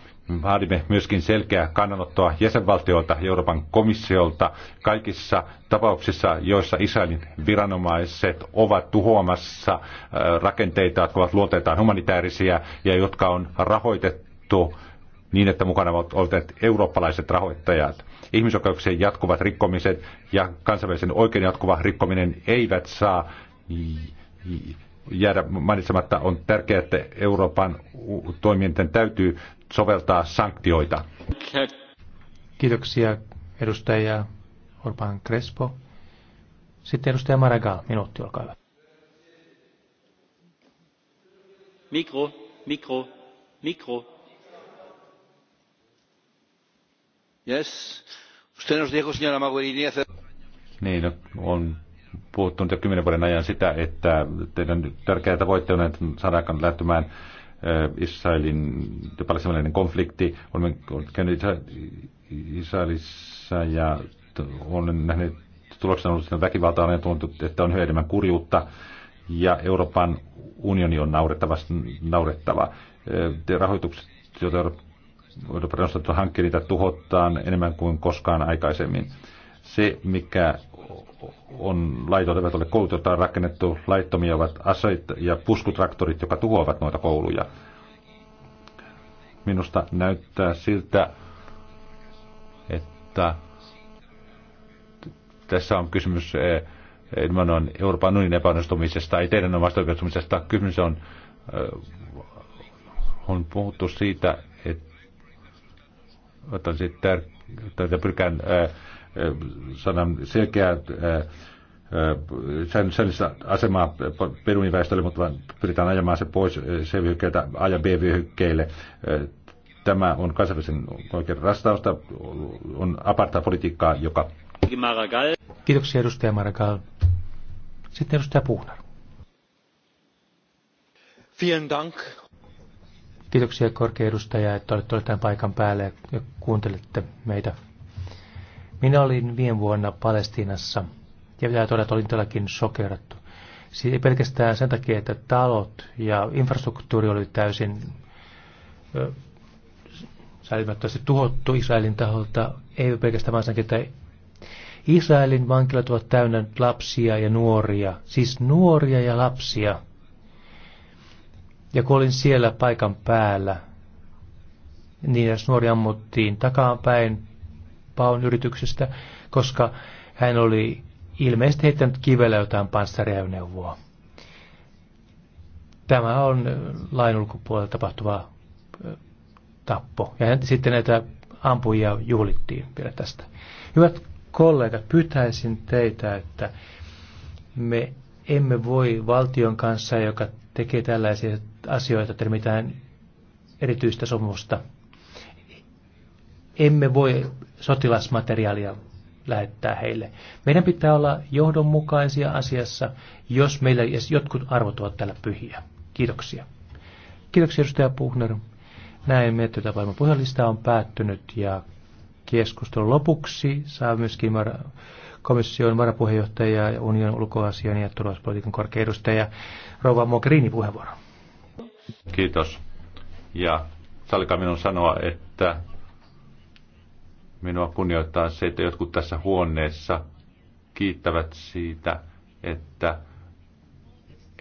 [SPEAKER 3] Vaadimme myöskin selkeää kannanottoa jäsenvaltioilta ja Euroopan komissiolta kaikissa tapauksissa, joissa Israelin viranomaiset ovat tuhoamassa eh, rakenteita, jotka ovat luonteeltaan humanitaarisia ja jotka on rahoitettu niin, että mukana ovat olleet eurooppalaiset rahoittajat. Ihmisoikeuksien jatkuvat rikkomiset ja kansainvälisen oikeuden jatkuva rikkominen eivät saa jäädä mainitsematta. On tärkeää, että Euroopan toimijoiden täytyy soveltaa sanktioita.
[SPEAKER 1] Kiitoksia edustaja Orban Crespo. Sitten edustaja Marega, minuutti, olkaa hyvä. Mikro, mikro, mikro.
[SPEAKER 3] Usted nos dijo, señora hace... Niin, on puhuttu jo kymmenen vuoden ajan sitä, että teidän tärkeä tavoitte on saadaan lähtemään eh, Israelin ja palestinalainen konflikti. Olemme käyneet Israelissa ja olen nähnyt tuloksena ollut väkivaltaa, on tuntunut, että on yhä kurjuutta ja Euroopan unioni on naurettava. naurettava. Eh, rahoitukset, joita perustettu hankkeen, niitä tuhottaan enemmän kuin koskaan aikaisemmin. Se, mikä on laitot, eivät ole koulut, joita on rakennettu, laittomia ovat aseet ja puskutraktorit, jotka tuhoavat noita kouluja. Minusta näyttää siltä, että tässä on kysymys eh, on Euroopan unionin epäonnistumisesta, ei teidän omasta epäonnistumisesta. Kysymys on, eh, on puhuttu siitä, otan sitten tär- pyrkään ää, sanan sen, säännöllistä asemaa väestölle, mutta vaan pyritään ajamaan se pois C-vyöhykkeeltä A- ja B-vyöhykkeille. Tämä on kansainvälisen oikeuden rastausta, on aparta-politiikkaa, joka...
[SPEAKER 1] Kiitoksia edustaja Maragall. Sitten edustaja Puhnar. Vielen Dank. Kiitoksia korkea edustaja, että olette olleet tämän paikan päälle ja kuuntelette meitä. Minä olin viime vuonna Palestiinassa ja pitää todeta, että olin todellakin sokerattu. Siis ei pelkästään sen takia, että talot ja infrastruktuuri oli täysin säilymättömästi tuhottu Israelin taholta, ei pelkästään vaan sen takia, että Israelin vankilat ovat täynnä lapsia ja nuoria, siis nuoria ja lapsia – ja kun olin siellä paikan päällä, niin jos nuori ammuttiin takapäin Paun yrityksestä, koska hän oli ilmeisesti heittänyt kivellä jotain panssariajoneuvoa. Tämä on lain ulkopuolella tapahtuva tappo. Ja sitten näitä ampujia juhlittiin vielä tästä. Hyvät kollegat, pyytäisin teitä, että me emme voi valtion kanssa, joka tekee tällaisia asioita, ei mitään erityistä sopimusta. Emme voi sotilasmateriaalia lähettää heille. Meidän pitää olla johdonmukaisia asiassa, jos meillä edes jotkut arvot ovat täällä pyhiä. Kiitoksia. Kiitoksia edustaja Puhner. Näin miettiötapailman puhelista on päättynyt ja keskustelun lopuksi saa myöskin komission varapuheenjohtaja ja unionin ulkoasian ja turvallisuuspolitiikan korkea edustaja Rova Mogherini puheenvuoron.
[SPEAKER 3] Kiitos. Ja salkaa minun sanoa, että minua kunnioittaa se, että jotkut tässä huoneessa kiittävät siitä, että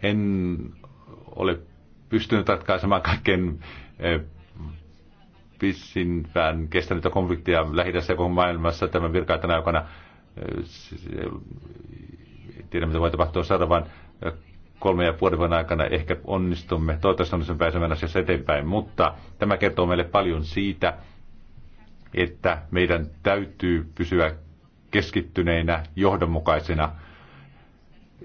[SPEAKER 3] en ole pystynyt ratkaisemaan kaiken eh, pissinpään kestänyttä konfliktia lähi koko maailmassa tämän virkaa tänä aikana. Eh, siis, eh, Tiedän, mitä voi tapahtua saada, vaan kolme ja puoli vuoden aikana ehkä onnistumme, toivottavasti onnistumme pääsemään asiassa eteenpäin, mutta tämä kertoo meille paljon siitä, että meidän täytyy pysyä keskittyneinä, johdonmukaisena.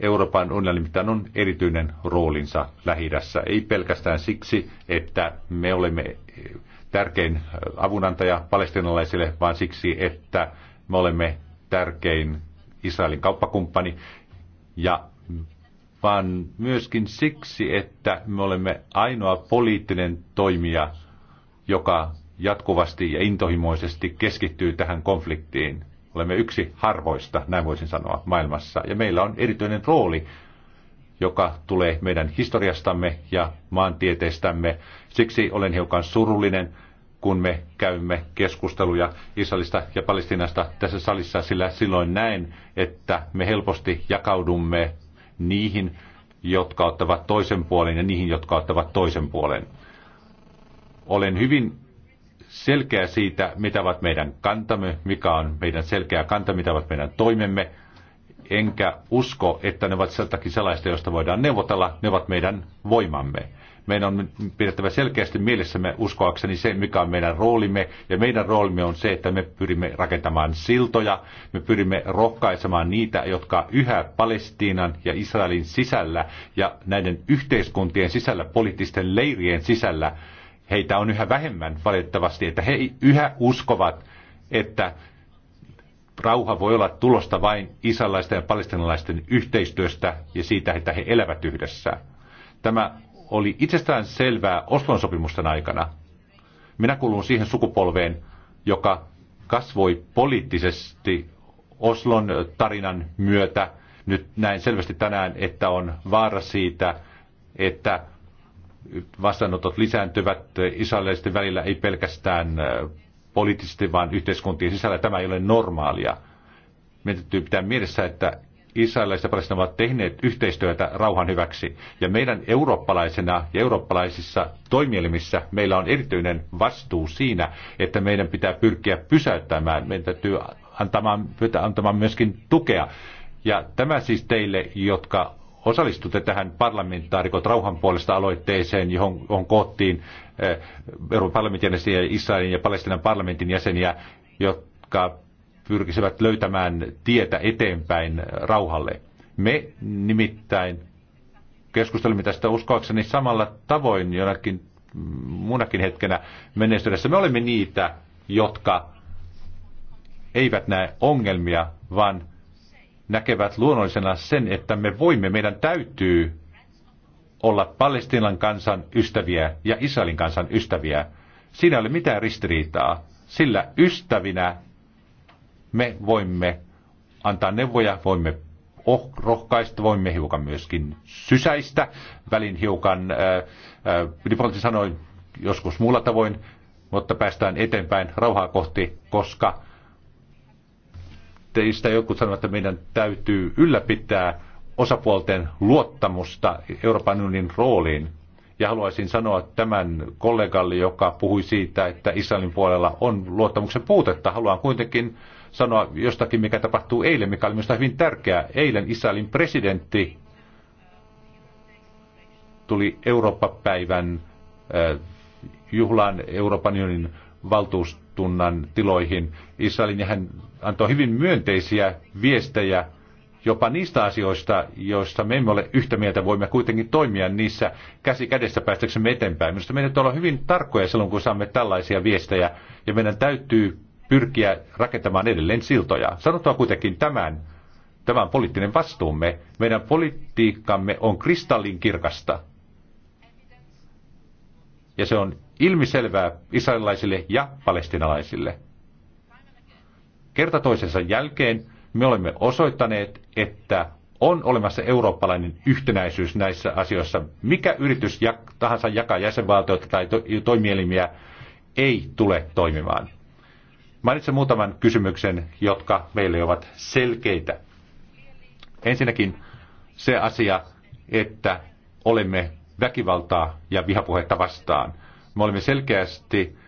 [SPEAKER 3] Euroopan unionin nimittäin on erityinen roolinsa lähi Ei pelkästään siksi, että me olemme tärkein avunantaja palestinalaisille, vaan siksi, että me olemme tärkein Israelin kauppakumppani ja vaan myöskin siksi, että me olemme ainoa poliittinen toimija, joka jatkuvasti ja intohimoisesti keskittyy tähän konfliktiin. Olemme yksi harvoista, näin voisin sanoa, maailmassa. Ja meillä on erityinen rooli, joka tulee meidän historiastamme ja maantieteestämme. Siksi olen hiukan surullinen, kun me käymme keskusteluja Israelista ja Palestinasta tässä salissa, sillä silloin näen, että me helposti jakaudumme niihin, jotka ottavat toisen puolen ja niihin, jotka ottavat toisen puolen. Olen hyvin selkeä siitä, mitä ovat meidän kantamme, mikä on meidän selkeä kanta, mitä ovat meidän toimemme. Enkä usko, että ne ovat sieltäkin sellaista, josta voidaan neuvotella, ne ovat meidän voimamme. Meidän on pidettävä selkeästi mielessämme uskoakseni se, mikä on meidän roolimme. Ja meidän roolimme on se, että me pyrimme rakentamaan siltoja, me pyrimme rohkaisemaan niitä, jotka yhä Palestiinan ja Israelin sisällä ja näiden yhteiskuntien sisällä, poliittisten leirien sisällä, heitä on yhä vähemmän valitettavasti, että he yhä uskovat, että rauha voi olla tulosta vain israelaisten ja palestinalaisten yhteistyöstä ja siitä, että he elävät yhdessä. Tämä oli itsestään selvää Oslon sopimusten aikana. Minä kuulun siihen sukupolveen, joka kasvoi poliittisesti Oslon tarinan myötä. Nyt näin selvästi tänään, että on vaara siitä, että vastaanotot lisääntyvät israelisten välillä ei pelkästään poliittisesti, vaan yhteiskuntien sisällä. Tämä ei ole normaalia. Meidän täytyy pitää mielessä, että israelilaiset ja palestinat ovat tehneet yhteistyötä rauhan hyväksi. Ja meidän eurooppalaisena ja eurooppalaisissa toimielimissä meillä on erityinen vastuu siinä, että meidän pitää pyrkiä pysäyttämään, meidän täytyy antamaan, antamaan myöskin tukea. Ja tämä siis teille, jotka osallistutte tähän parlamentaarikot rauhan puolesta aloitteeseen, johon on koottiin eh, Euroopan parlamentin jäseniä, Israelin ja Palestinan parlamentin jäseniä, jotka pyrkisivät löytämään tietä eteenpäin rauhalle. Me nimittäin keskustelimme tästä uskoakseni samalla tavoin jonakin muunakin hetkenä menneisyydessä. Me olemme niitä, jotka eivät näe ongelmia, vaan näkevät luonnollisena sen, että me voimme, meidän täytyy olla Palestiinan kansan ystäviä ja Israelin kansan ystäviä. Siinä ei ole mitään ristiriitaa, sillä ystävinä me voimme antaa neuvoja, voimme oh, rohkaista, voimme hiukan myöskin sysäistä, välin hiukan, ylipuolisesti äh, äh, sanoin, joskus muulla tavoin, mutta päästään eteenpäin rauhaa kohti, koska teistä joku sanoo, että meidän täytyy ylläpitää osapuolten luottamusta Euroopan unionin rooliin. Ja haluaisin sanoa tämän kollegalle, joka puhui siitä, että Israelin puolella on luottamuksen puutetta. Haluan kuitenkin sanoa jostakin, mikä tapahtuu eilen, mikä oli minusta hyvin tärkeää. Eilen Israelin presidentti tuli Eurooppa-päivän äh, juhlaan Euroopan unionin valtuustunnan tiloihin Israelin ja hän antoi hyvin myönteisiä viestejä jopa niistä asioista, joista me emme ole yhtä mieltä, voimme kuitenkin toimia niissä käsi kädessä päästäksemme eteenpäin. Minusta meidän täytyy olla hyvin tarkkoja silloin, kun saamme tällaisia viestejä, ja meidän täytyy pyrkiä rakentamaan edelleen siltoja. Sanotaan kuitenkin tämän, tämän poliittinen vastuumme. Meidän politiikkamme on kristallinkirkasta. Ja se on ilmiselvää israelilaisille ja palestinalaisille. Kerta toisensa jälkeen me olemme osoittaneet, että on olemassa eurooppalainen yhtenäisyys näissä asioissa. Mikä yritys tahansa jakaa jäsenvaltioita tai toimielimiä ei tule toimimaan. Mainitsen muutaman kysymyksen, jotka meille ovat selkeitä. Ensinnäkin se asia, että olemme väkivaltaa ja vihapuhetta vastaan. Me olemme selkeästi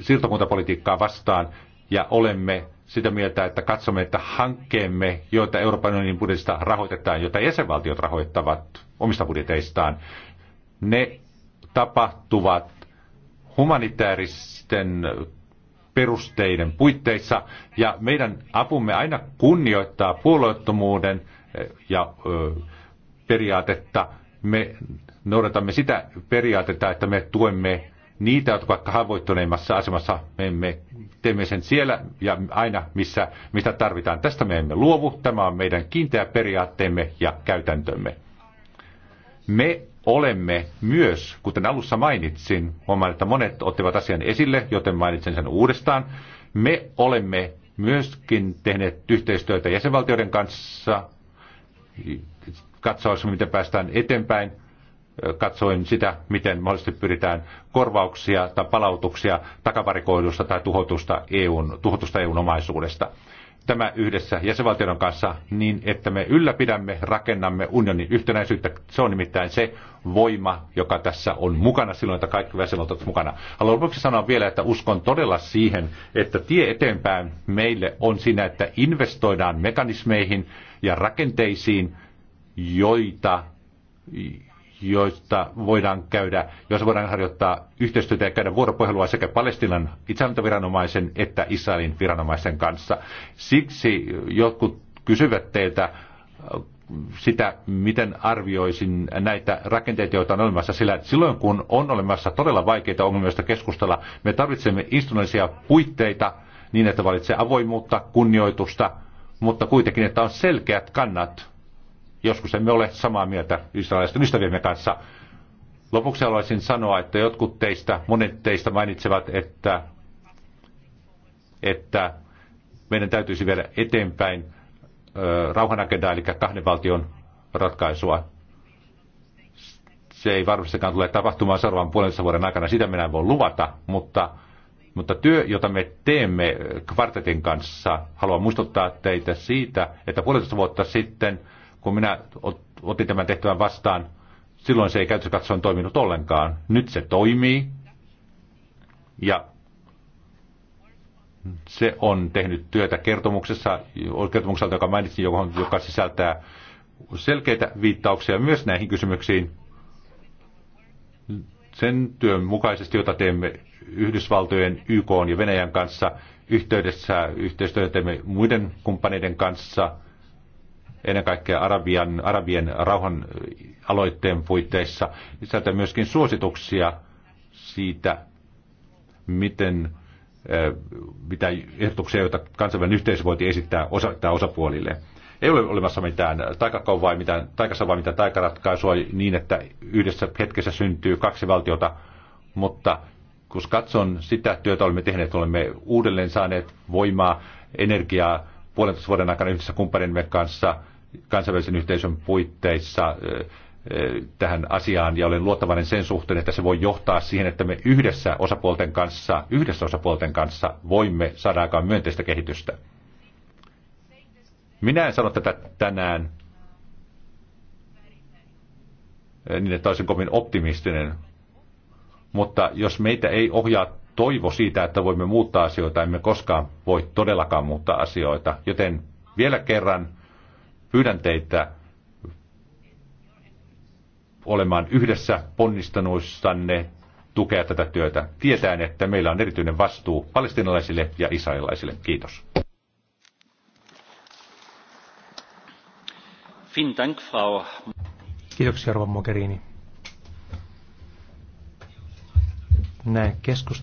[SPEAKER 3] siirtokuntapolitiikkaa vastaan ja olemme sitä mieltä, että katsomme, että hankkeemme, joita Euroopan unionin budjetista rahoitetaan, joita jäsenvaltiot rahoittavat omista budjeteistaan, ne tapahtuvat humanitaaristen perusteiden puitteissa. Ja meidän apumme aina kunnioittaa puolueettomuuden eh, ja periaatetta. Me noudatamme sitä periaatetta, että me tuemme niitä, jotka ovat haavoittuneimmassa asemassa. Me emme, teemme sen siellä ja aina, missä, mistä tarvitaan. Tästä me emme luovu. Tämä on meidän kiinteä periaatteemme ja käytäntömme. Me olemme myös, kuten alussa mainitsin, huomaan, että monet ottivat asian esille, joten mainitsen sen uudestaan, me olemme myöskin tehneet yhteistyötä jäsenvaltioiden kanssa, katsoa, miten päästään eteenpäin, katsoin sitä, miten mahdollisesti pyritään korvauksia tai palautuksia takavarikoidusta tai tuhotusta EUn, tuhotusta EUn omaisuudesta tämä yhdessä jäsenvaltioiden kanssa niin, että me ylläpidämme, rakennamme unionin yhtenäisyyttä. Se on nimittäin se voima, joka tässä on mukana silloin, että kaikki jäsenvaltiot ovat mukana. Haluan lopuksi sanoa vielä, että uskon todella siihen, että tie eteenpäin meille on siinä, että investoidaan mekanismeihin ja rakenteisiin, joita joista voidaan käydä, joissa voidaan harjoittaa yhteistyötä ja käydä vuoropuhelua sekä Palestinan itsehallintoviranomaisen että Israelin viranomaisen kanssa. Siksi jotkut kysyvät teiltä sitä, miten arvioisin näitä rakenteita, joita on olemassa, sillä silloin kun on olemassa todella vaikeita ongelmia, joista keskustella, me tarvitsemme instrumentisia puitteita niin, että valitsee avoimuutta, kunnioitusta, mutta kuitenkin, että on selkeät kannat Joskus emme ole samaa mieltä israelaisten ystäviemme kanssa. Lopuksi haluaisin sanoa, että jotkut teistä, monet teistä mainitsevat, että, että meidän täytyisi viedä eteenpäin rauhanagendaa, eli kahden valtion ratkaisua. Se ei varmastikaan tule tapahtumaan seuraavan puolensa vuoden aikana, sitä minä en voi luvata, mutta, mutta työ, jota me teemme kvartetin kanssa, haluan muistuttaa teitä siitä, että puolentoista vuotta sitten – kun minä otin tämän tehtävän vastaan, silloin se ei käytössä katsoen toiminut ollenkaan. Nyt se toimii ja se on tehnyt työtä kertomuksessa, kertomukselta, joka mainitsin, joka, joka sisältää selkeitä viittauksia myös näihin kysymyksiin. Sen työn mukaisesti, jota teemme Yhdysvaltojen, YK ja Venäjän kanssa, yhteydessä yhteistyötä teemme muiden kumppaneiden kanssa – ennen kaikkea Arabian, Arabien rauhan äh, aloitteen puitteissa, Sieltä myöskin suosituksia siitä, miten äh, mitä ehdotuksia, joita kansainvälinen yhteisö voiti esittää osa, osapuolille. Ei ole olemassa mitään vai mitään, taikassa vai mitään taikaratkaisua niin, että yhdessä hetkessä syntyy kaksi valtiota, mutta kun katson sitä työtä olemme tehneet, olemme uudelleen saaneet voimaa, energiaa, puolentoista vuoden aikana yhdessä kumppanimme kanssa kansainvälisen yhteisön puitteissa tähän asiaan ja olen luottavainen sen suhteen, että se voi johtaa siihen, että me yhdessä osapuolten kanssa, yhdessä osapuolten kanssa voimme saada aikaan myönteistä kehitystä. Minä en sano tätä tänään niin, että olisin kovin optimistinen, mutta jos meitä ei ohjaa toivo siitä, että voimme muuttaa asioita, emme koskaan voi todellakaan muuttaa asioita. Joten vielä kerran pyydän teitä olemaan yhdessä ponnistanuissanne tukea tätä työtä, tietäen, että meillä on erityinen vastuu palestinalaisille ja israelilaisille. Kiitos.
[SPEAKER 1] Kiitoksia, Rova Mogherini. Näin keskustelu.